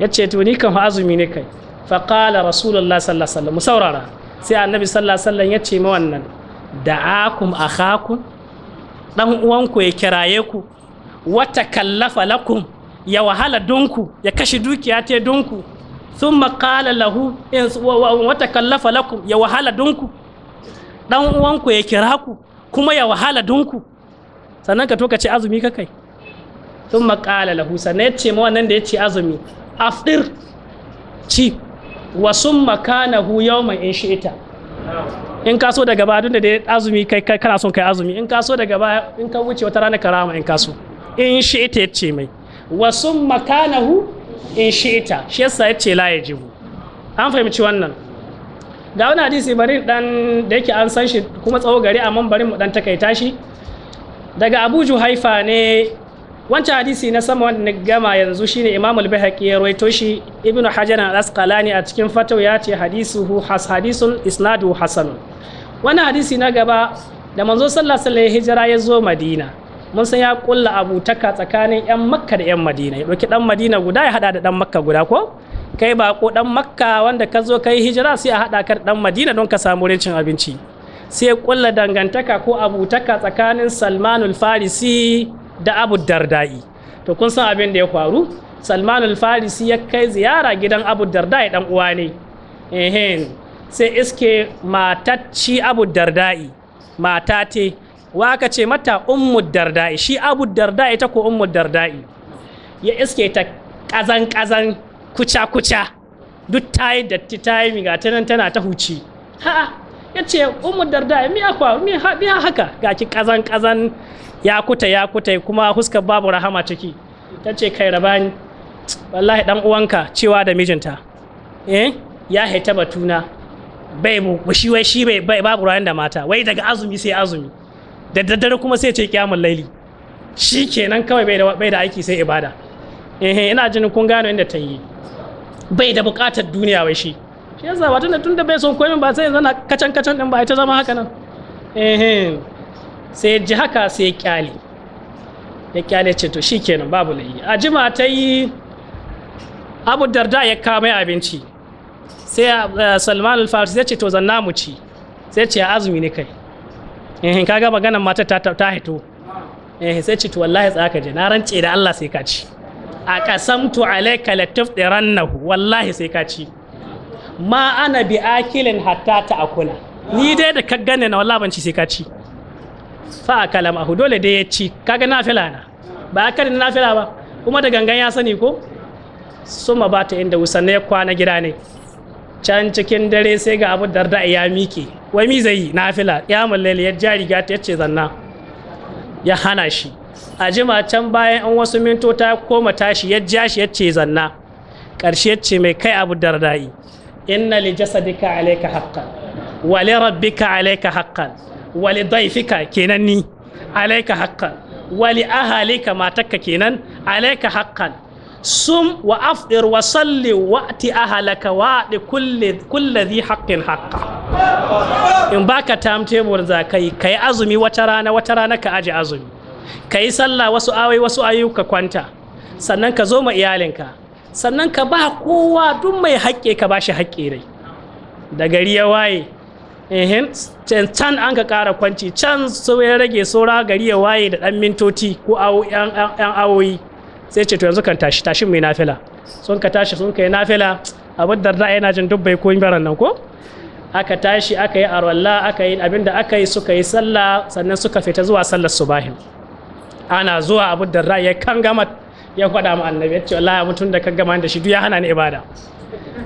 ya ce to ni kan fa azumi ne kai fa qala rasulullah sallallahu alaihi wasallam saurara sai annabi sallallahu alaihi wasallam ya ce ma wannan da'akum akhakum dan uwanku ya kiraye ku wata kallafa lakum ya wahala dunku ya kashi dukiya te dunku sun makala lahu wata kallafa lakum ya wahala donku dan uwanku ya kira ku kuma ya wahala donku sannan ka to ka ce azumi kakai sun makala lahu sannan ce ma wannan da ya azumi afdir ci wa summa yau mai in shi'ita in ka so daga baya tunda da azumi kai kana son kai azumi in ka so daga baya in ka wuce wata rana karama in ka so in shi'ita ya ce mai wa summa hu in shi'ita shi yasa ya ce la jibu an fahimci wannan ga wani hadisi bari dan da yake an san shi kuma tsawo gari amma bari mu dan takaita shi daga Abu Juhaifa ne wancan hadisi na sama wanda gama yanzu shine Imam al bahaqi ya rawaito shi ibnu Hajar al-Asqalani a cikin fatawa ya ce hadisuhu has hadisun isnadu hasan Wani hadisi na gaba da manzo sallallahu alaihi wasallam hijira ya zo Madina mun san ya kulla abutaka tsakanin yan Makka da yan Madina ya dauki dan Madina guda ya hada da dan Makka guda ko kai ba ko dan Makka wanda ka zo kai hijira sai a hada ka dan Madina don ka samu rincin abinci sai ya kulla dangantaka ko abutaka tsakanin Salmanul Farisi da abu dardai to kun san abin da ya faru salman al-farisi ya kai ziyara gidan abu dardai dan uwa ne ehem sai iske matacci abu dardai mata te waka ce mata ummu dardai shi abu dardai ta ko ummu dardai ya iske ta kazan kazan kuca kuca duk ta yi datti ta yi miga ta nan tana ta huci ha ya ce ummu dardai mi akwa mi haka ki kazan kazan ya kuta ya kuta kuma huskar babu rahama ciki ta ce kai rabani wallahi dan uwanka cewa da mijinta eh ya haita batuna bai mu shi wai shi bai bai babu rayan da mata wai daga azumi sai azumi da daddare kuma sai ce kiyamul laili shi kenan kawai bai da bai da aiki sai ibada eh, eh ina jin kun gano inda ta yi bai da bukatar duniya wai shi shi yasa tunda bai son komai ba sai yanzu na kacan kacan din ba ita zama haka nan eh, eh. sai ji haka sai kyale ya kyale ce to kenan babu layi a jima ta yi abu darda ya kawo mai abinci sai eh, salman al sai ce to zanna mu ci sai ce azumi ne kai eh kaga maganar mata ta ta hito eh, sai ce to wallahi tsaka je na rance da Allah sai ka ci a latif alayka latifdirannahu wallahi sai ka ci ma ana bi akilin hatta ta akula ni dai da ka gane na wallahi ban ci sai ka ci fa akalamahu dole dai ya ci kaga nafila na ba a na nafila ba kuma da gangan ya sani ko suma ba ta inda wusa ya kwana gida ne can cikin dare sai ga abu darda ya miƙe wai mi zai yi nafila ya mallele ya ja riga ta yace zanna ya hana shi a jima can bayan an wasu mintota koma tashi ya ja shi yace zanna ƙarshe yace mai kai abu darda'i inna li jasadika alayka haqqan wa li rabbika alayka haqqan wali daifika kenan ni alaika haqqan wali ahalika matakka kenan alaika haqqan sum wa afdir wa salli wa ati ahalaka wa di kulli kulli dhi haqqin haqqa in baka timetable za kai kai azumi wata rana wata rana ka aje azumi kai sallah wasu awai wasu ayyuka kwanta sannan ka zo ma iyalinka sannan ka ba kowa duk mai haƙƙe ka ba shi haƙƙe rai da gari ya waye ehem can an ka ƙara kwanci can so ya rage saura gari ya waye da ɗan mintoci ko yan awoyi sai ce to yanzu kan tashi tashi mai nafila sun ka tashi sun kai nafila abin da ra'ayi yana jin dubbai ko baran nan ko aka tashi aka yi arwalla aka yi abin da aka yi suka yi sallah sannan suka fita zuwa sallar subahin ana zuwa abin da ra'ayi kan gama ya faɗa mu annabi ya ce wallahi mutum da kan gama da shi duk ya hana ni ibada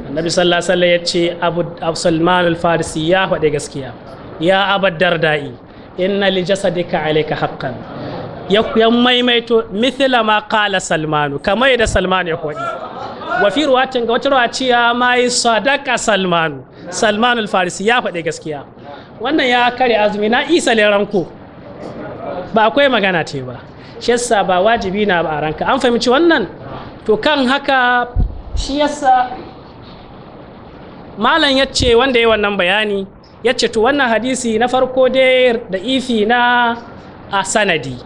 annabi sallallahu alaihi wasallam ya ce abu salman al-farisi ya faɗi gaskiya ya abad dardai inna li jasadika alayka haqqan ya maimaito mithla ma qala salmanu kama da salman ya faɗi wa fi ruwatin ga wata ruwaciya mai sadaka salman salman al-farisi ya faɗi gaskiya wannan ya kare azumi na isa le ranko ba akwai magana ce ba shi ba wajibi na ba a ranka an fahimci wannan to kan haka shi yasa malam ya ce wanda ya wannan bayani ya ce to wannan hadisi na farko dai da ifi na a sanadi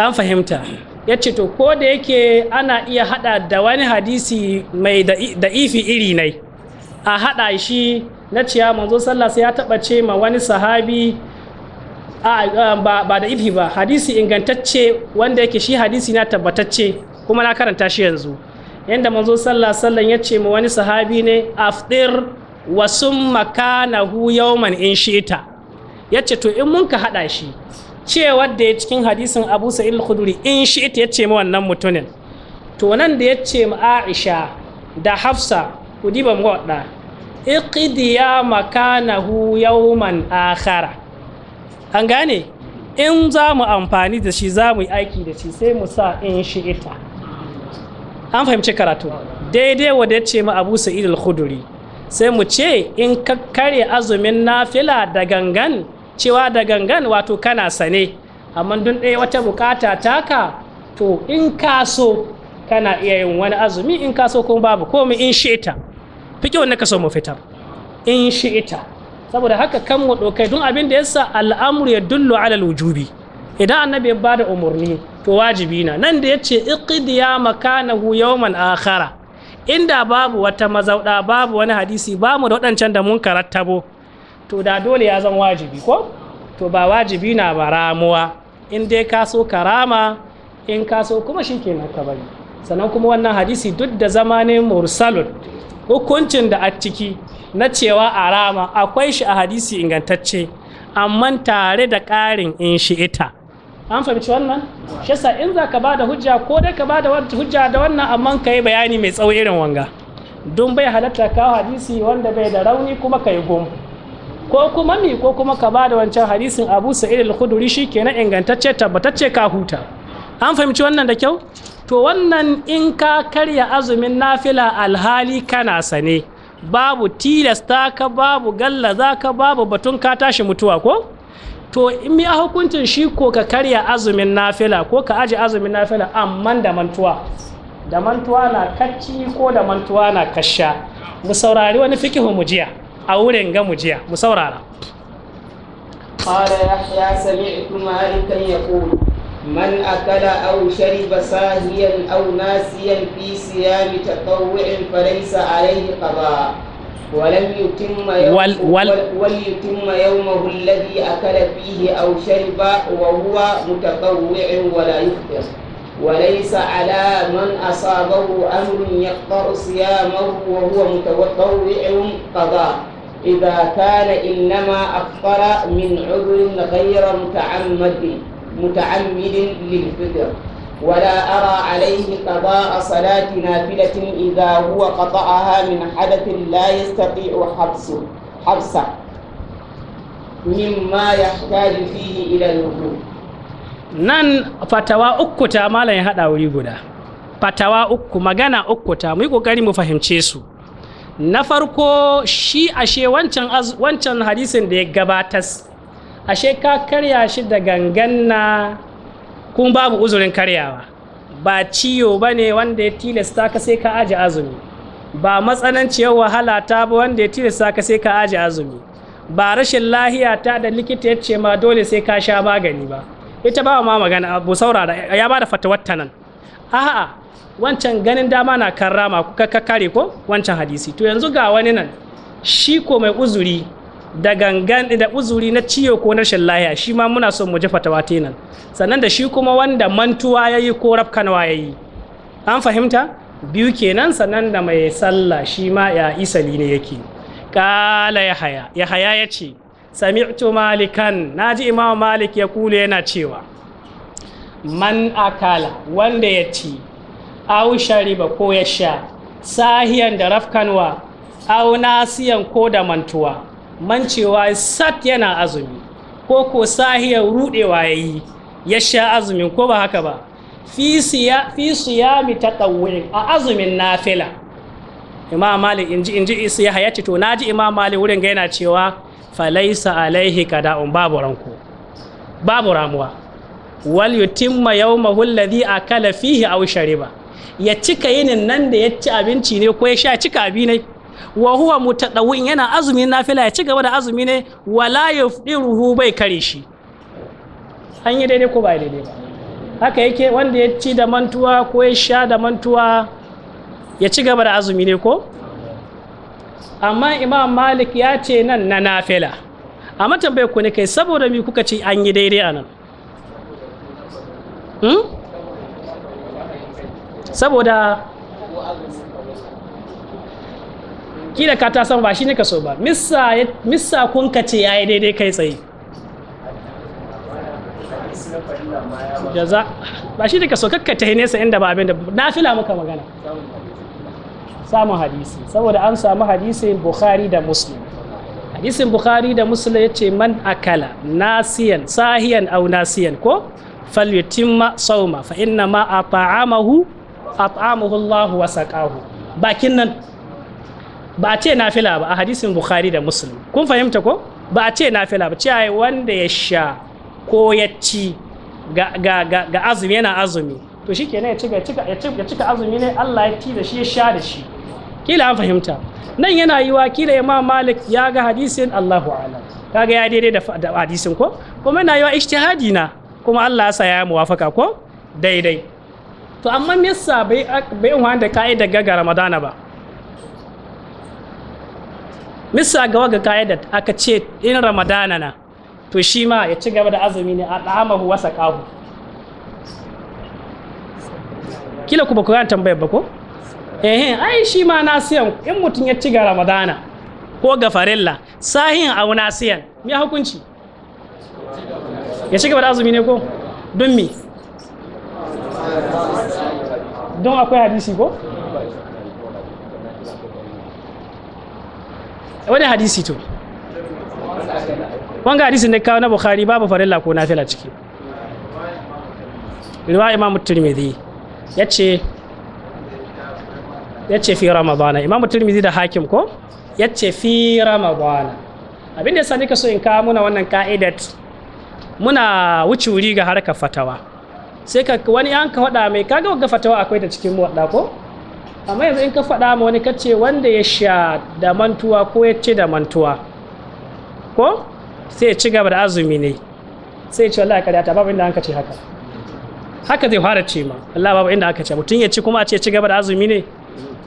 an fahimta ya ce to ko da yake ana iya hada da wani hadisi mai da ifi iri nai a hada shi na ciya manzo sallah sai ya taba ce ma wani sahabi ba da ifi ba hadisi ingantacce wanda yake shi hadisi na tabbatacce kuma na karanta shi yanzu yadda manzo sallah sallan ya ce mu wani sahabi ne afdir wa summa kanahu yawman in shita ce to in mun ka hada shi cewa da ya cikin hadisin Abu sa'il khuduri shi in shita ce ma wannan mutumin to nan da ya ce ma Aisha da Hafsa ku diba mu makana iqdiya makanahu yawman akhara an gane in za mu amfani da shi za mu yi aiki da shi sai mu sa in ita an fahimci karatu daidai wanda ya ce ma abu sa'id al-khuduri sai mu ce in ka kare azumin nafila da gangan cewa da gangan wato kana sane amma dun ɗaya wata bukata taka to in ka so kana iya yin wani azumi in ka so kuma babu komai in shi'ita fiƙi wanda ka so mu fitar in ita saboda haka kan mu dokai dun abin da yasa al'amur ya dullo alal wujubi idan annabi ya bada umarni to wajibi na nan da yace iqdiya makanahu yawman akhara inda babu wata mazauda babu wani hadisi ba mu da waɗancan da mun karattabo to da dole ya zan wajibi ko to ba wajibi na ba ramuwa in dai ka so karama in ka so kuma shikenan ka bari sannan kuma wannan hadisi duk da zamanin ne hukuncin da a ciki na cewa a rama akwai shi a hadisi ingantacce amma tare da ƙarin in shi ita an fahimci wannan shi yasa in za ka ba da hujja ko dai ka ba da hujja da wannan amma ka yi bayani mai tsawo irin wanga don bai halatta kawo hadisi wanda bai da rauni kuma ka yi gom ko kuma mi ko kuma ka ba da wancan hadisin abu sa'id al-khuduri na ingantacce tabbatacce ka huta an fahimci wannan da kyau to wannan in ka karya azumin nafila alhali kana sane babu tilasta ka babu za ka babu batun ka tashi mutuwa ko to in ya hukuncin shi ko ka karya azumin nafila ko ka aji azumin nafila amman da mantuwa da mantuwa na kacci ko da mantuwa na kasha mu saurari wani fikihu mu jiya a wurin ga mu jiya mu saurara قال يحيى سمعت مالكا يقول من أكل أو شرب ساهيا أو ناسيا في صيام تطوع فليس عليه قضاء ولم يتم وليتم يومه الذي أكل فيه أو شرب وهو متطوع ولا يفطر وليس على من أصابه أمر يقطع صيامه وهو متطوع قضاء إذا كان إنما أفطر من عذر غير متعمد متعمد للفطر ولا أرى عليه قضاء صلاة نافلة إذا هو قطعها من حدث لا يستطيع حبسه حبسه مما يحتاج فيه إلى الوضوء nan fatawa uku ta malam ya haɗa wuri guda fatawa uku magana uku ta mu yi ƙoƙari mu fahimce su na farko shi ashe wancan wancan hadisin da ya gabatas ashe ka karya shi da gangan na kuma babu uzurin karyawa ba ciyo ba ne wanda ya tilasta ka sai ka aji azumi ba matsananciyar wahala ta ba wanda ya tilasta ka sai ka aji azumi ba rashin lahiya ta da likita ya ce ma dole sai ka sha magani ba ita ba ma magana abu saurara ya ba da fatawar ta nan a'a wancan ganin dama na karrama kuka kare ko wancan hadisi to yanzu ga wani nan shi ko mai uzuri da gangan da uzuri na ciyo ko na rashin lahiya shi ma muna son mu ji fatawa nan, sannan da shi kuma wanda mantuwa ya yi ko rafkanwa ya yi an fahimta biyu kenan sannan da mai sallah shi ma ya isali ne yake kala ya haya ya haya ya ce sami'tu malikan naji imam malik ya kula yana cewa man akala wanda ya ci au shariba ko ya sha sahiyan da rafkanwa au nasiyan ko da mantuwa mancewa sat yana azumi ko ko sahiya rudewa yayi ya sha azumin ko ba haka ba fi siya fi siyami a azumin nafila imam malik inji inji isa ya hayati to naji imam malik wurin ga yana cewa falaisa alaihi kada kada'un babu ranku babu ramuwa wal yutimma yawmahu alladhi akala fihi aw shariba ya cika yinin nan da ya ci abinci ne ko ya sha cika abi ne wa huwa mutadawin yana azumi nafila ya ci gaba da azumi ne wala ruhu bai kare shi an yi daidai ko ba daidai ba haka yake wanda ya ci da mantuwa ko ya sha da mantuwa ya ci gaba da azumi ne ko amma imam malik ya ce nan na nafila a matan ku ne kai saboda mi kuka ce an yi daidai anan hmm? saboda kila ka ta san ba shi ne ka so ba missa kun ka ce ya yi daidai kai tsaye ba shi ne ka so kakka ta nesa inda ba abin da fila muka magana samun hadisi saboda an samu hadisin bukhari da muslim hadisin bukhari da muslim ya ce man akala nasiyan sahiyan au nasiyan ko falyutimma sauma fa inna ma a at'amahu Allah wa saqahu bakin nan ba a ce nafila ba a hadisin bukhari da muslim kun fahimta ko ba a ce nafila ba cewa wanda ya sha ko ya ci ga, ga, azumi yana azumi to shi kenan ya cika azumi ne allah ya ci da shi ya sha da shi kila an fahimta nan yana yi wa kila ma malik ya ga hadisin allahu alam kaga ya daidai da hadisin ko kuma yana yi wa ijtihadi na kuma allah ya sa ya muwafaka ko daidai to amma me yasa bai bai wanda ka'ida ga ramadana ba misa ga waga ka'idat aka ce in ramadana na to shi ma ya ci gaba da azumi ne a ɗamahu wasa ƙahu kila ku ba ku tambayar ba ko eh ai shi ma nasiyan in mutum ya ci ga ramadana ko ga farilla sahin na nasiyan me hukunci ya ci gaba da azumi ne ko don me don akwai hadisi ko wani hadisi to wanga hadisi ne kawo na bukhari babu farilla ko na fila ciki riwa imam tirmidhi yace yace fi ramadana imam tirmidhi da hakim ko yace fi ramadana abin da sani ka so in kawo muna wannan ka'idat muna wuce wuri ga harkar fatawa sai ka wani an ka faɗa mai kaga ga fatawa akwai ta cikin muwadda ko amma yanzu in ka faɗa ma wani kace wanda ya sha da mantuwa ko ya ce da mantuwa ko sai ya ci gaba da azumi ne sai ya ce wallahi ka ta babu inda an ce haka haka zai fara ce ma wallahi babu inda aka ce mutum ya ci kuma a ce ci gaba da azumi ne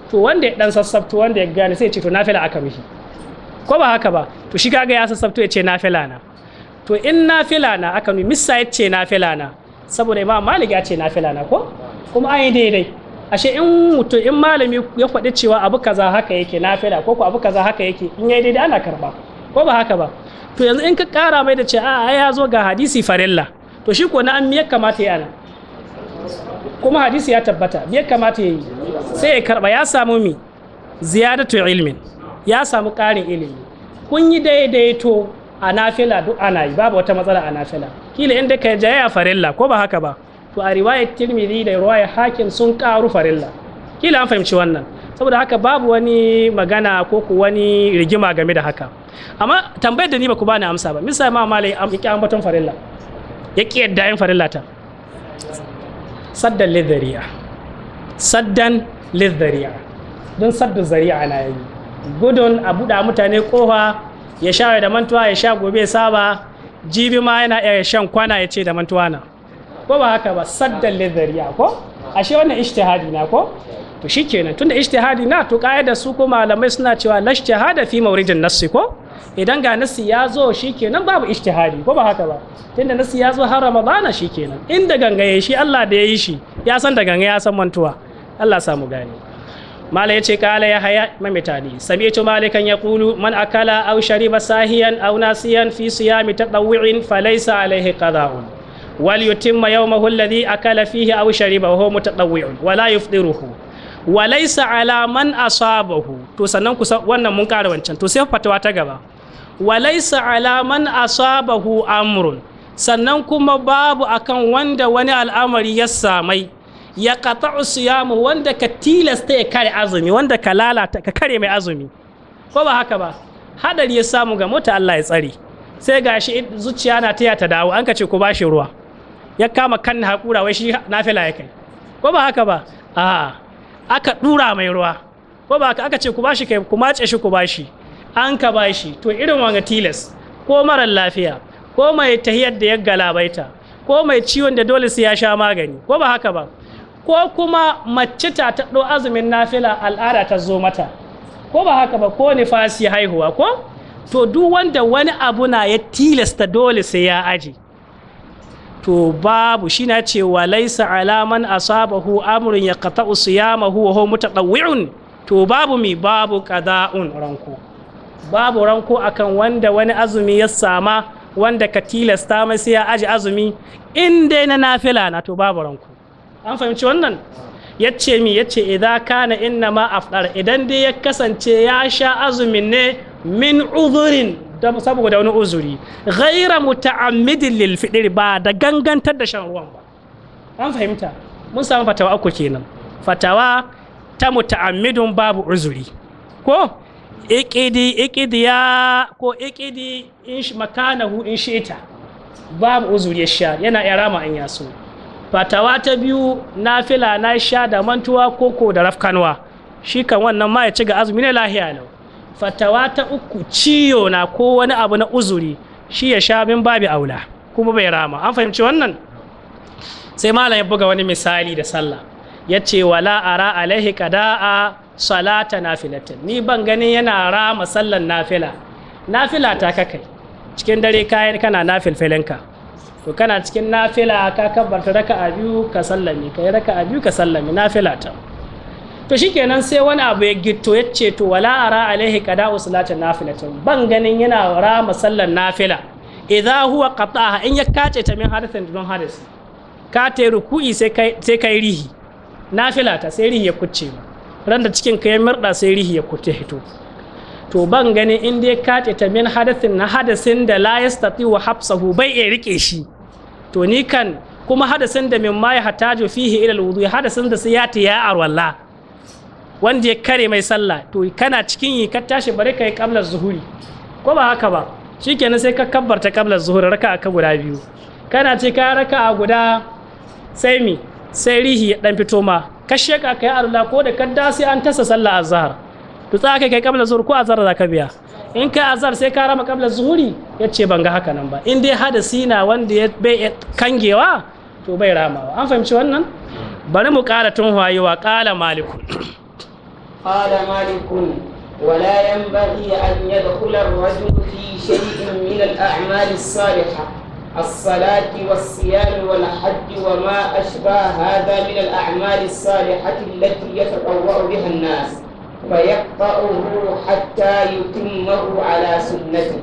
to wanda ya dan sassabto wanda ya gane sai ya ce to nafila aka mishi ko ba haka ba to shi kaga ya sassabto ya ce nafila na to in nafila na aka nuna misa ya ce nafila na saboda imam malik ya ce nafila na ko kuma an yi daidai ashe in mutum in malami ya faɗi cewa abu kaza haka yake nafila ko ko abu kaza haka yake in yayi daidai ana karba ko ba haka ba to yanzu in ka kara mai da ce a ya zo ga hadisi farilla to shi ko na an ya kamata ya kuma hadisi ya tabbata miya kamata ya yi sai ya karba ya samu mi ziyadatu ilmin ya samu ƙarin ilimi kun yi daidaito a nafila duk ana yi babu wata matsala a nafila kila inda ka jaya farilla ko ba haka ba to a riwayar tirmidhi da riwayar hakim sun karu farilla kila an fahimci wannan saboda haka babu wani magana ko ku wani rigima game da haka amma tambayar da ni ba ku bani amsa ba misali ma malai an ki batun farilla ya yadda yin farilla ta saddan lidhariya saddan lidhariya don saddan zari'a na yi gudun a buɗa mutane kofa ya sha da mantuwa ya sha gobe saba jibi ma yana iya shan kwana ya ce da mantuwa na ko ba haka ba saddan lidhariya ko ashe wannan ishtihadi na ko to shikenan tunda ishtihadi na to da su ko malamai suna cewa la ishtihada fi mawridin nassi ko idan ga nassi ya zo shikenan babu ishtihadi ko ba haka ba tunda nassi ya zo har ramadana shikenan inda gangaye shi Allah da ya yi shi ya san da gangaye ya san mantuwa Allah samu gane mala yace kala ya haya mamitani sami'tu malikan yaqulu man akala aw shariba sahiyan aw nasiyan fi siyami tadawwu'in falaysa alayhi qada'un wal yutimma yawmahu alladhi akala fihi aw shariba wa huwa mutadawwi'un wa la yufdiruhu wa laysa ala man asabahu to sannan wannan mun kara wancan to sai fatawa ta gaba wa laysa ala man asabahu amrun sannan kuma babu akan wanda wani al'amari ya samai ya qata'u siyamu wanda ka tilasta ya kare azumi wanda ka lalata ka karya mai azumi ko ba haka ba Haɗari ya samu ga mota Allah ya tsare sai gashi zuciya na taya ta dawo an ka ce ku ba shi ruwa ya kama kan haƙura wai shi nafila ya kai ko ba haka ba a aka ɗura mai ruwa ko ba haka aka ce ku bashi kai ku mace shi ku bashi an ka bashi to irin wanga tilas ko marar lafiya ko mai tahiyar da ya galabaita ko mai ciwon da dole sai ya sha magani ko ba haka ba ko kuma mace ta taɗo azumin nafila al'ada ta zo mata ko ba haka ba ko nifasi haihuwa ko to duk wanda wani abu na ya tilasta dole sai ya aji to babu shi na cewa laisa alaman asabahu amrun ya kata usiyamahu wa huwa mutaqawwi'un to babu mi babu qada'un ranko babu ranko akan wanda wani azumi ya sama wanda ka tilasta mai ya aji azumi in dai na nafila na to babu ranko an fahimci wannan ce mi yace idza kana inna ma afdar idan dai ya kasance ya sha azumin ne min uzurin don saboda wani uzuri ghaira muta'ammidin lil fidir ba da gangantar da shan ruwan ba an fahimta mun samu fatawa uku kenan fatawa ta muta'ammidun babu uzuri ko iqidi iqidiya ko iqidi in makanahu in shita babu uzuri ya sha yana irama an yaso fatawa ta biyu nafila na sha da mantuwa koko da rafkanwa shi kan wannan ma ya ci ga azumi ne lahiya lau fatawa ta uku ciyo na ko wani abu na uzuri shi ya sha min babi aula kuma bai rama an fahimci wannan sai malam ya buga wani misali da sallah ya ce wala ara alaihi kada'a salata nafilatin ni ban ganin yana rama sallan nafila nafila ta kakai cikin dare kayan kana nafilfilinka to kana cikin nafila ka kabbarta raka'a biyu ka ka kai raka'a biyu ka sallami, nafila ta to shikenan sai wani abu ya gito ya ce to wala ara alaihi na fila tun. ban ganin yana rama sallar nafila idza huwa qata'aha in ya kace ta min hadisin don hadis ka ta ruku'i sai kai sai kai rihi nafila ta sai rihi ya kucce ran da cikin kai murda sai rihi ya kucce hito to ban ganin in dai kace ta min hadisin na hadisin da la yastati wa habsahu bai iya rike shi to ni kan kuma hadisin da min ma ya hataju fihi ila alwudu hadisin da sai ya ya arwalla wanda ya kare mai sallah to kana cikin yi ka tashi bare ka yi kablar zuhuri ko ba haka ba shikenan sai ka kabbarta kablar zuhuri raka ka guda biyu kana ce ka raka a guda sai mi sai rihi ya dan fito ma ka sheka kai arla ko da ka da sai an tasa sallah azhar to za ka kai kablar zuhuri ko azhar za ka biya in ka azhar sai ka rama kablar zuhuri yace ban ga haka nan ba in dai hadasi na wanda ya bai kangewa to bai ramawa an fahimci wannan bari mu ƙara tun wayewa ƙala malikun قال مالك ولا ينبغي أن يدخل الرجل في شيء من الأعمال الصالحة الصلاة والصيام والحج وما أشبه هذا من الأعمال الصالحة التي يتطوع بها الناس فيقطعه حتى يتمه على سنته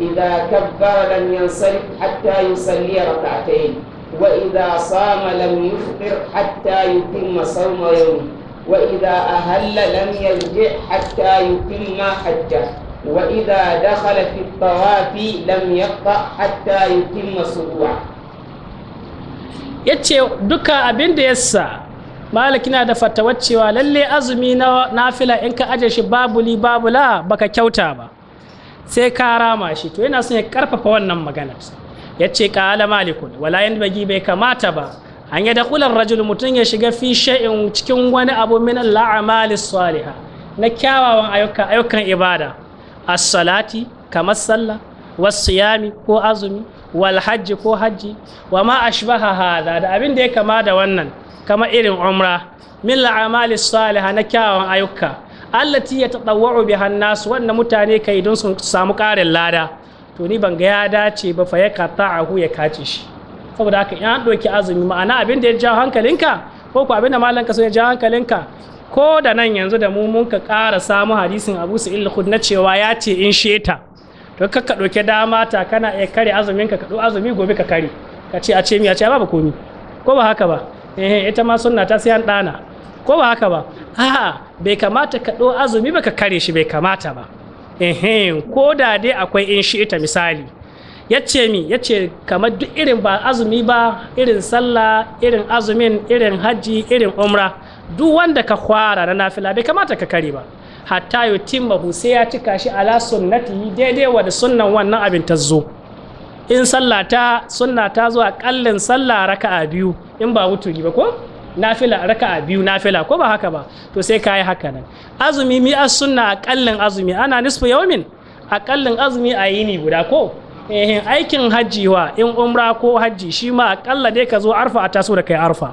إذا كبر لم ينصرف حتى يصلي ركعتين وإذا صام لم يفطر حتى يتم صوم يومه وإذا أهل لم يرجع حتى يتم حجه وإذا دخل في الطواف لم يقطع حتى يتم سطوعه yace duka abin da yasa malik na da fatawar cewa lalle azumi na nafila in ka aje shi babu li babu la baka kyauta ba sai ka rama shi to yana son ya karfafa wannan maganar yace qala malikun wala yan bagi bai kamata ba an yi dakular rajul mutum ya shiga fi sha'in cikin wani abu min al'amali saliha na kyawawan ayyuka ayyukan ibada as-salati kamar sallah was-siyami ko azumi wal hajji ko hajji wa ma ashbaha hada da abin da ya kama da wannan kama irin umra min al'amali saliha na kyawawan ayyuka allati yatadawwa'u biha an-nas wannan mutane kai don su samu ƙarin lada to ni ban ga ya dace ba fa ya qata'ahu ya kace shi saboda haka in an ɗauki azumi ma'ana abin da ya ja hankalinka ko ku abin da malam ka so ya ja hankalinka ko da nan yanzu da mu mun ka ƙara samu hadisin Abu su illa na cewa ya ce in sheta to ka ka ɗauki dama ta kana iya kare azumin ka ɗau azumi gobe ka kare ka ce a ce mi a ce babu komi ko ba haka ba eh ita ma sunna ta sayan ɗana ko ba haka ba a'a bai kamata ka ɗau azumi ba ka kare shi bai kamata ba eh ko da dai akwai in shi misali Ya yace mi ce kamar duk irin ba azumi ba irin sallah irin azumin irin hajji irin umra duk wanda ka kwara na nafila bai kamata ka kare ba hatta ba sai ya cika shi ala sunnati daidai wa da sunnan wannan abin ta zo in sallah ta sunna ta zo akallin sallah raka'a biyu in ba wuturi ba ko nafila raka'a biyu nafila ko ba haka ba to sai ka yi haka nan azumi mi as sunna kallin azumi ana nisfu yawmin kallin azumi a yini guda ko Ehin aikin hajji wa in umra ko hajji shi ma akalla dai ka zo arfa a taso da kai arfa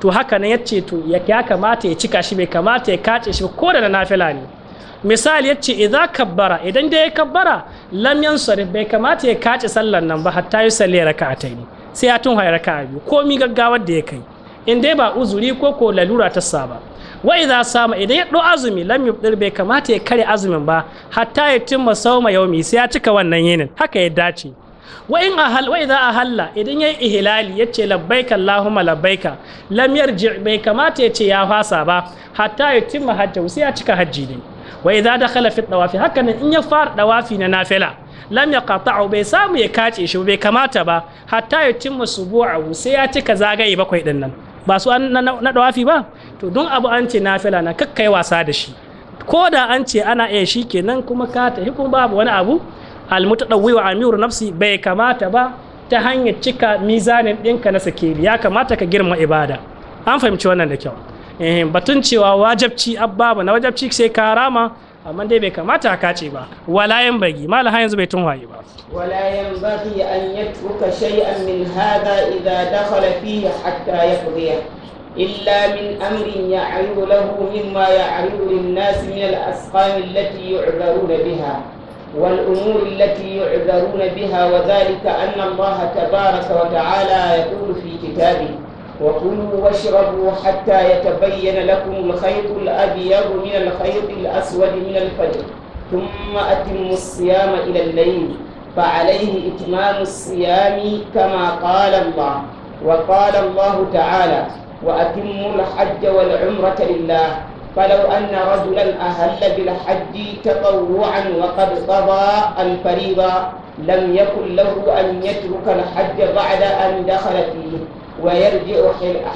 to haka nan yace to ya kamata ya cika shi bai kamata ya kace shi ko da nafila ne misali yace idza kabbara idan dai ya kabbara lam yansari bai kamata ya kace sallar nan ba hatta ya salli ne sai ya tun raka'a biyu komi gaggawar da ya kai in dai ba uzuri ko ko lalura ta saba wa idza sama idan ya do azumi lam yubdir bai kamata ya kare azumin ba hatta ya timma sauma yaumi sai ya cika wannan yinin haka ya dace wa in ahal wa idza ahalla idan yayi ihlali yace labbaika allahumma labbaika lam yarji bai kamata ce ya fasa ba hatta ya timma hajji sai ya cika hajji ne wa idza dakhala fi dawafi haka nan in ya fara dawafi na nafila lam yaqta'u bai samu ya kace shi bai kamata ba hatta ya timma subu'ahu sai ya cika zagaye bakwai dinnan ba su na dawafi ba to don abu an ce nafila na yi wasa da shi ko da an ce ana iya shi kenan kuma ka hi kuma babu wani abu almutadawwi wa amiru nafsi bai kamata ba ta hanyar cika mizanin ɗinka na sakeli ya kamata ka girma ibada an fahimci wannan da kyau batun cewa wajabci abbabu na wajabci sai ka rama amma dai bai kamata ka ce ba walayan bagi malam har yanzu bai waye ba walayan bagi an yatruka shay'an min hada idza dakhala fihi hatta yaqdiya إلا من أمر يعرض له مما يعرض للناس من الأسقام التي يعذرون بها والأمور التي يعذرون بها وذلك أن الله تبارك وتعالى يقول في كتابه وكلوا واشربوا حتى يتبين لكم الخيط الأبيض من الخيط الأسود من الفجر ثم أتموا الصيام إلى الليل فعليه إتمام الصيام كما قال الله وقال الله تعالى وأتموا الحج والعمرة لله فلو أن رجلا أهل بالحج تطوعا وقد قضى الفريضة لم يكن له أن يترك الحج بعد أن دخل فيه ويرجع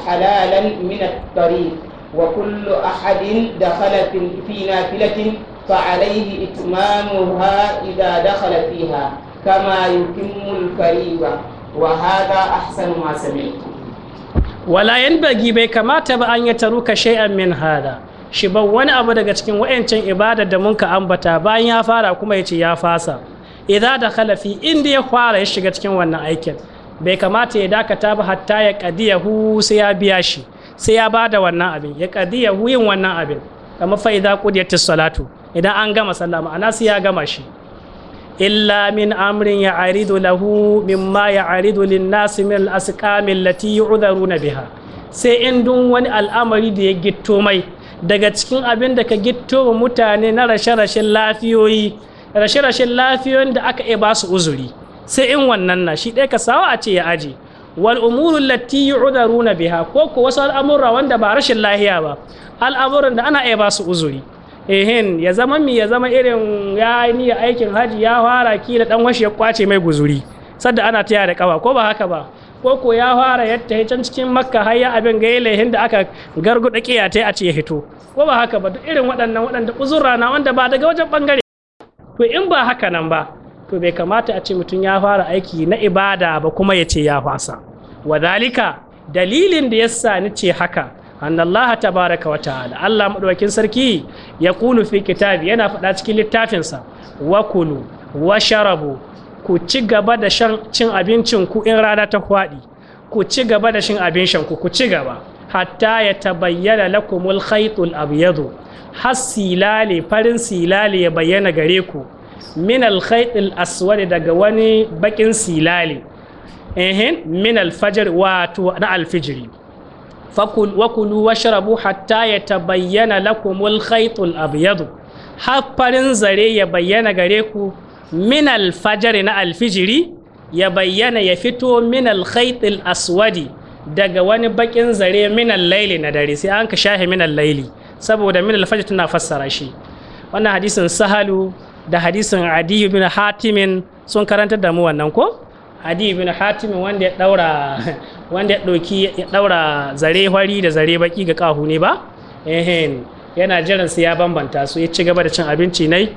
حلالا من الطريق وكل أحد دخل في نافلة فعليه إتمامها إذا دخل فيها كما يتم الفريضة وهذا أحسن ما سمعت wala bagi bai kamata ba an ya taruka shay'an min hada shi ba wani abu daga cikin wayancan ibada da mun ka ambata bayan ya fara kuma ya ce ya fasa idza da fi inda ya fara ya shiga cikin wannan aikin bai kamata ya dakata ba hatta ya qadiyahu sai ya biya shi sai ya bada wannan abin ya qadiyahu yin wannan abin kamar fa idza qudiyatis salatu idan an gama sallah ma'ana sai ya gama shi إلا من أمر يعرض له مما يعرض للناس من الأسقام التي يعذرون بها sai in dun wani al'amari da ya gitto mai daga cikin abin da ka gitto wa mutane na rashe-rashen lafiyoyi rashe-rashen lafiyoyin da aka iya ba su uzuri sai in wannan na shi ɗaya ka sawa a ce ya aji wal umuru lati yu'daruna biha ko ko wasu al'amura wanda ba rashin lahiya ba al'amuran da ana iya ba su uzuri ehin ya zama mi ya zama irin ya niyya aikin haji ya fara kila dan washe ya kwace mai guzuri sadda ana taya da kawa ko ba haka ba ko ko ya fara yatta can cikin makka har ya abin ga lehin da aka garguda kiya ta a ce ya hito ko ba haka ba duk irin waɗannan waɗanda uzurra na wanda ba daga wajen bangare to in ba haka nan ba to bai kamata a ce mutum ya fara aiki na ibada ba kuma ya ce ya fasa wadalika dalilin da ya sa ni ce haka annallaha tabaraka wa ta'ala Allah madaukakin sarki ya kulu fi kitabi yana faɗa cikin littafinsa Wakulu, wa sharabu ku ci gaba da cin abincin ku in rana ta kwaɗi ku ci gaba da shin abin shan ku ku ci gaba hatta ya tabayyana lakumul khaytul abyadu has silale farin silale ya bayyana gare ku min al khaytul aswad daga wani bakin silale ehin min al fajr wato na al fijri wakulu washrabu hatta ya tabayyana lakumul khaytul abyadu har farin zare ya bayyana gare ku min alfajari na alfijiri ya bayyana ya fito min alkhaytil aswadi daga wani bakin zare min laili na dare sai an ka shahi min laili saboda min alfajr tana fassara shi wannan hadisin sahalu da hadisin adiyu bin hatimin sun karantar da mu wannan ko hadi ibn hatim wanda ya daura wanda ya doki ya daura zare hwari da zare baki ga kahu ne ba ehen yana jiran sai ya bambanta su ya ci gaba da cin abinci nai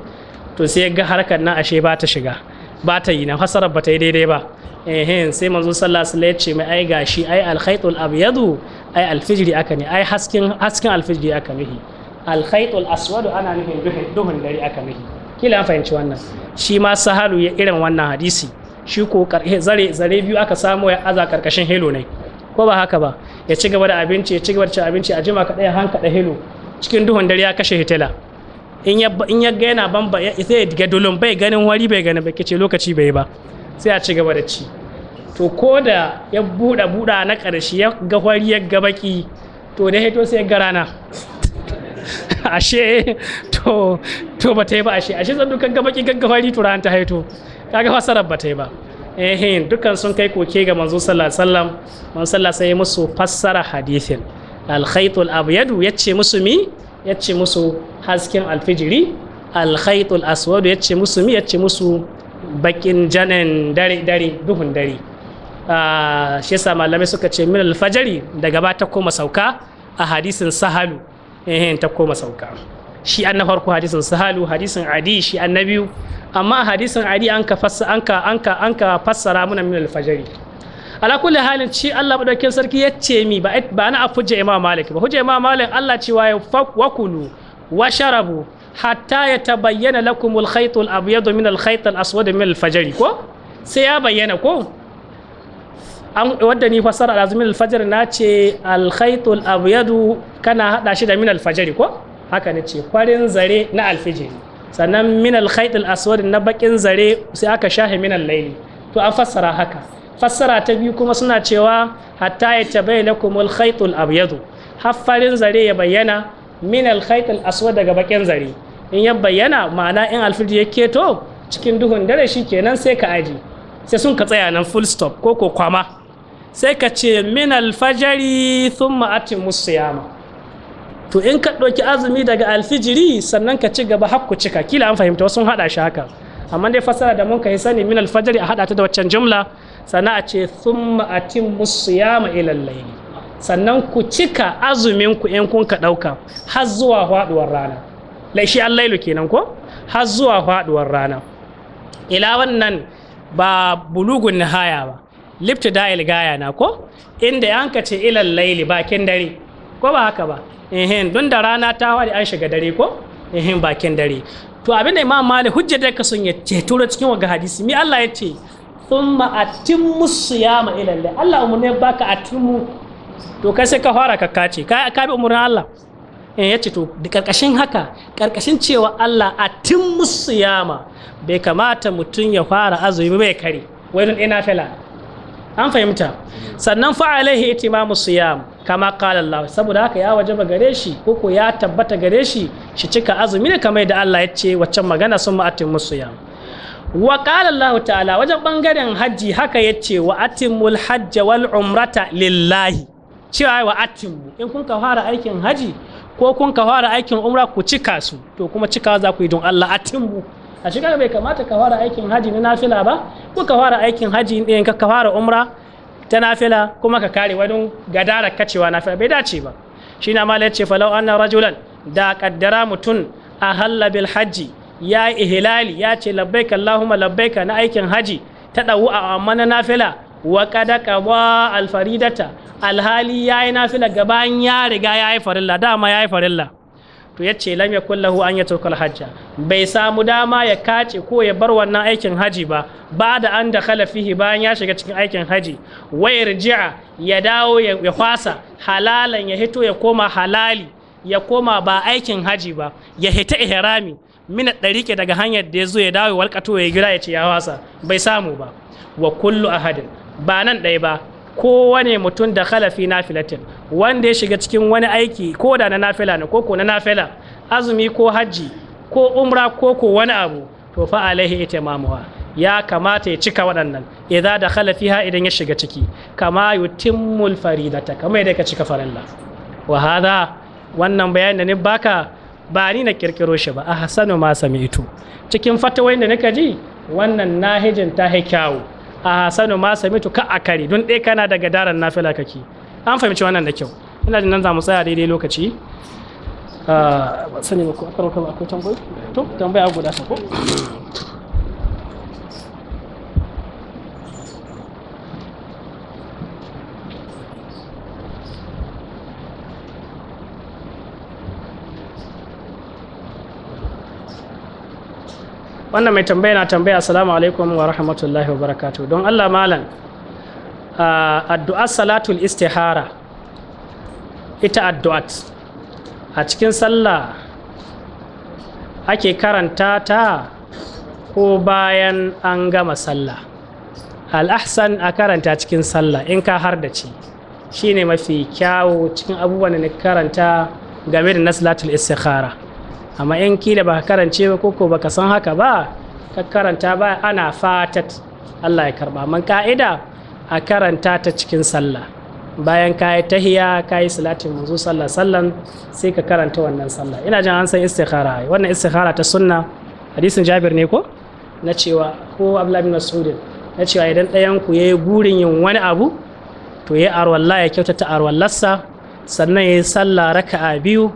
to sai ya ga harkar nan ashe ba ta shiga ba ta yi na hasarar ba ta yi daidai ba ehen sai manzo sallallahu alaihi ya ce mai ai gashi ai alkhaytul abyadu ai alfijri aka ne ai hasken hasken alfijri aka mihi alkhaytul aswadu ana nufin duhun dare aka mihi kila an fahimci wannan shi ma sahalu ya irin wannan hadisi shi ko zare zare biyu aka samu ya aza karkashin helo ne ko ba haka ba ya ci gaba da abinci ya ci gaba da cin abinci a jima kaɗai han kaɗa helo cikin duhun dare ya kashe hitila in ya in ya ga yana bamba sai ya diga dolon bai ganin wari bai ganin bai ce lokaci bai ba sai ya ci gaba da ci to ko da ya buɗa buɗa na ƙarshe ya ga wari ya ga baki to da hito sai ya ga rana ashe to to ba ta yi ba ashe ashe dukan ga baki ganga fari tura ta haito kaga fasarar ba ta yi ba eh dukkan sun kai koke ga manzo sallallahu alaihi wasallam manzo sallallahu alaihi musu fassara hadisin al khaytul abyad yace musu mi yace musu hasken alfijiri al-khayt al-aswad yace musu mi yace musu bakin janan dare dare duhun dare ah, shi yasa malamai suka ce min al-fajri daga ba ta koma sauka a hadisin sahalu eh ta koma sauka shi an na farko hadisin sahalu hadisin adi shi an na biyu amma hadisin adi an ka fassara muna min alfajari ala kulli halin ci Allah madaukakin sarki ya ce mi ba ba na afujja imam malik ba hujja imam malik Allah cewa ya wakulu wa sharabu hatta ya tabayyana lakumul khaytul abyadu min al khaytil aswad min al fajri ko sai ya bayyana ko an wadda ni fassara al-azmi al na ce alkhaitul abyadu kana hada shi da min alfajari ko haka ne ce farin zare na al sannan min al aswad na bakin zare sai aka shahi min al-layli to an fassara haka fassara ta biyu kuma suna cewa hatta ya tabayyana lakum al-khaytul abyadu har farin zare ya bayyana min al aswad daga bakin zare in ya bayyana ma'ana in alfijir ya keto cikin duhun dare shi kenan sai ka aji sai sun ka tsaya nan full stop ko ko kwama sai ka ce min alfajari ma'atin musu yama to in ka ɗauki azumi daga alfijiri sannan ka ci gaba hakku cika kila an fahimta wasu haɗa shi haka amma dai fasara da mun yi sani min alfajari a haɗa ta da waccan jumla sannan a ce sun ma'atin musu yama sannan ku cika azumin ku in kun ka ɗauka har zuwa faɗuwar rana laishi allailu kenan ko har zuwa faɗuwar rana ila wannan ba bulugun nihaya ba da gaya na ko inda an ka ce ilal laili bakin dare ko ba haka ba ehin don da rana ta wadi an shiga dare ko ehin bakin dare to abin da imam malik hujjar da ka sun ya ce tura cikin wa hadisi mi Allah ya ce thumma atimmu siyama ilal lail Allah umurne baka atimmu to kai sai ka fara ka kace ka ka bi umurnin Allah in eh, ya ce to da karkashin haka karkashin cewa Allah atimmu siyama bai kamata mutum ya fara azumi bai kare wai ina fela an fahimta sannan fa alaihi itimamu siyam kama qala Allah saboda haka ya wajaba gare shi koko ya tabbata gare shi shi cika azumi ne kamar da Allah ya ce waccan magana sun ma'atin ya wa qala Allah ta'ala wajen bangaren haji haka ya ce wa atimul hajja wal umrata lillahi cewa wa atimu in kun ka fara aikin haji ko kun ka fara aikin umra ku cika su to kuma cika za ku yi don Allah atimu a shekara bai kamata ka fara aikin haji na nafila ba ko ka fara aikin haji ɗin ka ka fara umra ta nafila kuma ka kare wani gadara kacewa nafila bai dace ba shi na mala yace falau anna rajulan da kaddara mutum a halla bil haji ya ihilali ya ce labbaika allahumma labbaika na aikin haji ta dawu a amma na nafila wa kada qada al faridata alhali yayi nafila gaban ya riga yayi farilla dama yayi farilla to ya ce lam yakul lahu an yatawakkal hajja bai samu dama ya kace ko ya bar wannan aikin haji ba ba da an da fihi bayan ya shiga cikin aikin haji wayar ji'a ya dawo ya kwasa halalan ya hito ya koma halali ya koma ba aikin haji ba ya hita ihrami mina ɗarike daga hanyar da yazo ya dawo walƙato ya gira ya ce ya wasa bai samu ba wa kullu ahadin ba nan dai ba kowane mutum da khalafi filatin wanda ya shiga cikin wani aiki ko da na nafila ne ko ko na nafila azumi ko hajji ko umra ko ko wani abu to fa alaihi itimamuha ya kamata ya cika waɗannan idza da khalafiha idan ya shiga ciki kama yutimmul faridata kamar yadda ka cika faralla. wa hada wannan bayanin da ni baka ba ni na kirkiro shi ba ahsanu ma sami'tu cikin fatawai da nika ji wannan nahijin ta kyawu a sanu ma samitu ka kare don ɗaya kana daga daren nafila kake an fahimci wannan da kyau ina jin nan za mu tsaya daidai lokaci ah, sani ba ku akwai tambayi to tambaya guda ta ko wannan mai tambaya na tambaya assalamu alaikum wa rahmatullahi wa barakatu don allah malam addu'ar salatul istihara ita addu'at a cikin sallah ake karanta ta ko bayan an gama sallah al'ahsan a karanta cikin sallah in ka har da ci shine mafi kyawu cikin abubuwan da na karanta game da na salatul istihara amma in kila ba karance ba ko ba ka san haka ba ka karanta ba ana fatat Allah ya karba man ka'ida a karanta ta cikin sallah bayan ka yi tahiya ka yi salatin manzo sallah sallan sai ka karanta wannan sallah ina jin an san istikhara wannan istikhara ta sunna hadisin jabir ne ko na cewa ko abdullahi bin mas'ud na cewa idan ɗayan ku yayi gurin yin wani abu to yayi arwalla ya kyautata arwallarsa sannan yayi sallah raka'a biyu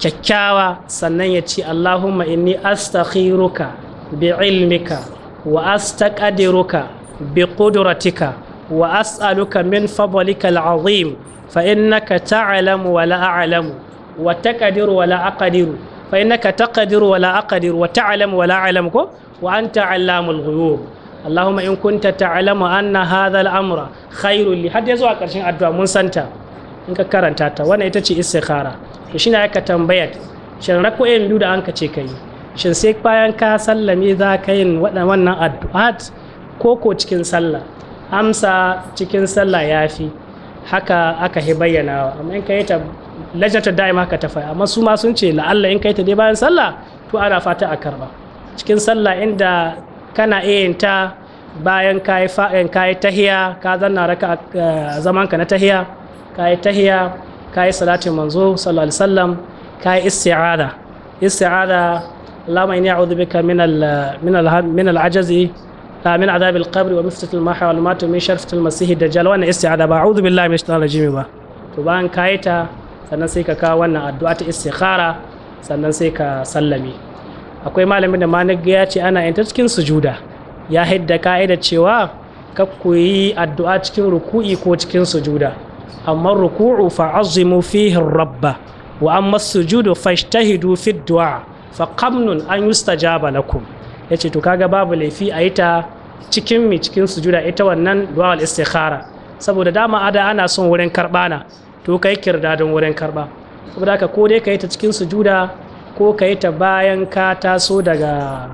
kyakkyawa sannan ya ce Allahumma inni astakhiruka bi ilmika wa astaqdiruka bi qudratika wa as'aluka min fadlika al'azim fa innaka ta'lamu wa la a'lamu wa taqdiru wa la aqdiru fa innaka taqdiru wa la aqdiru wa ta'lamu wa la a'lamu ko wa anta 'allamul ghuyub Allahumma in kunta ta'lamu anna hadha al'amra khairul li har zuwa karshen addu'a mun santa in ka karanta ta wannan ita ce istikhara to shine aka tambaya shin rako'in biyu da an ka ce ka shin sai bayan ka sallame za ka yin wannan addu'at ko ko cikin sallah amsa cikin sallah ya fi haka aka yi bayyana. amma in ka yi ta da'ima ka tafi amma su ma sun ce la'alla in ka yi ta dai bayan sallah to ana fata a karba cikin sallah inda kana iya yin ta bayan ka yi tahiya ka zanna raka eh, zaman ka na tahiya ka yi tahiya ka yi salatin manzo sallallahu alaihi wasallam ka yi isti'ada isti'ada Allahumma inni a'udhu bika min al min al min al ajazi min adhab al qabr wa miftat al mahya wal mat min sharfat al masih dajjal wannan isti'ada ba a'udhu billahi minash shaitanir rajim ba to bayan ka yi ta sannan sai ka kawo wannan addu'a ta istikhara sannan sai ka sallami akwai malamin da ma ya ce ana yanta cikin sujuda ya hidda ka'ida cewa ka koyi addu'a cikin ruku'i ko cikin sujuda amma ruku'u فعظموا فيه rabba wa السجود فاجتهدوا fashtahidu الدعاء فقمن fa يستجاب an yustajaba lakum yace to kaga babu laifi a yi ta cikin mi cikin sujuda ita wannan du'a al-istikhara saboda dama ada ana son wurin karba na to kai kirda don wurin karba saboda haka ko dai ka yi ta cikin sujuda ko kai ta bayan ka taso daga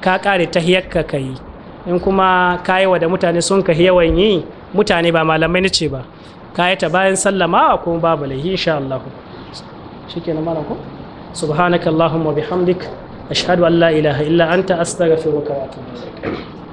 ka kare ta hiyakka ka in kuma ka wa da mutane sun ka yawan yi mutane ba malamai na ce ba kayi ta bayan sallama kuma babu laihi insha Allah shikenan malam ko subhanakallahumma bihamdik ashhadu an la ilaha illa anta astaghfiruka wa atubu ilaik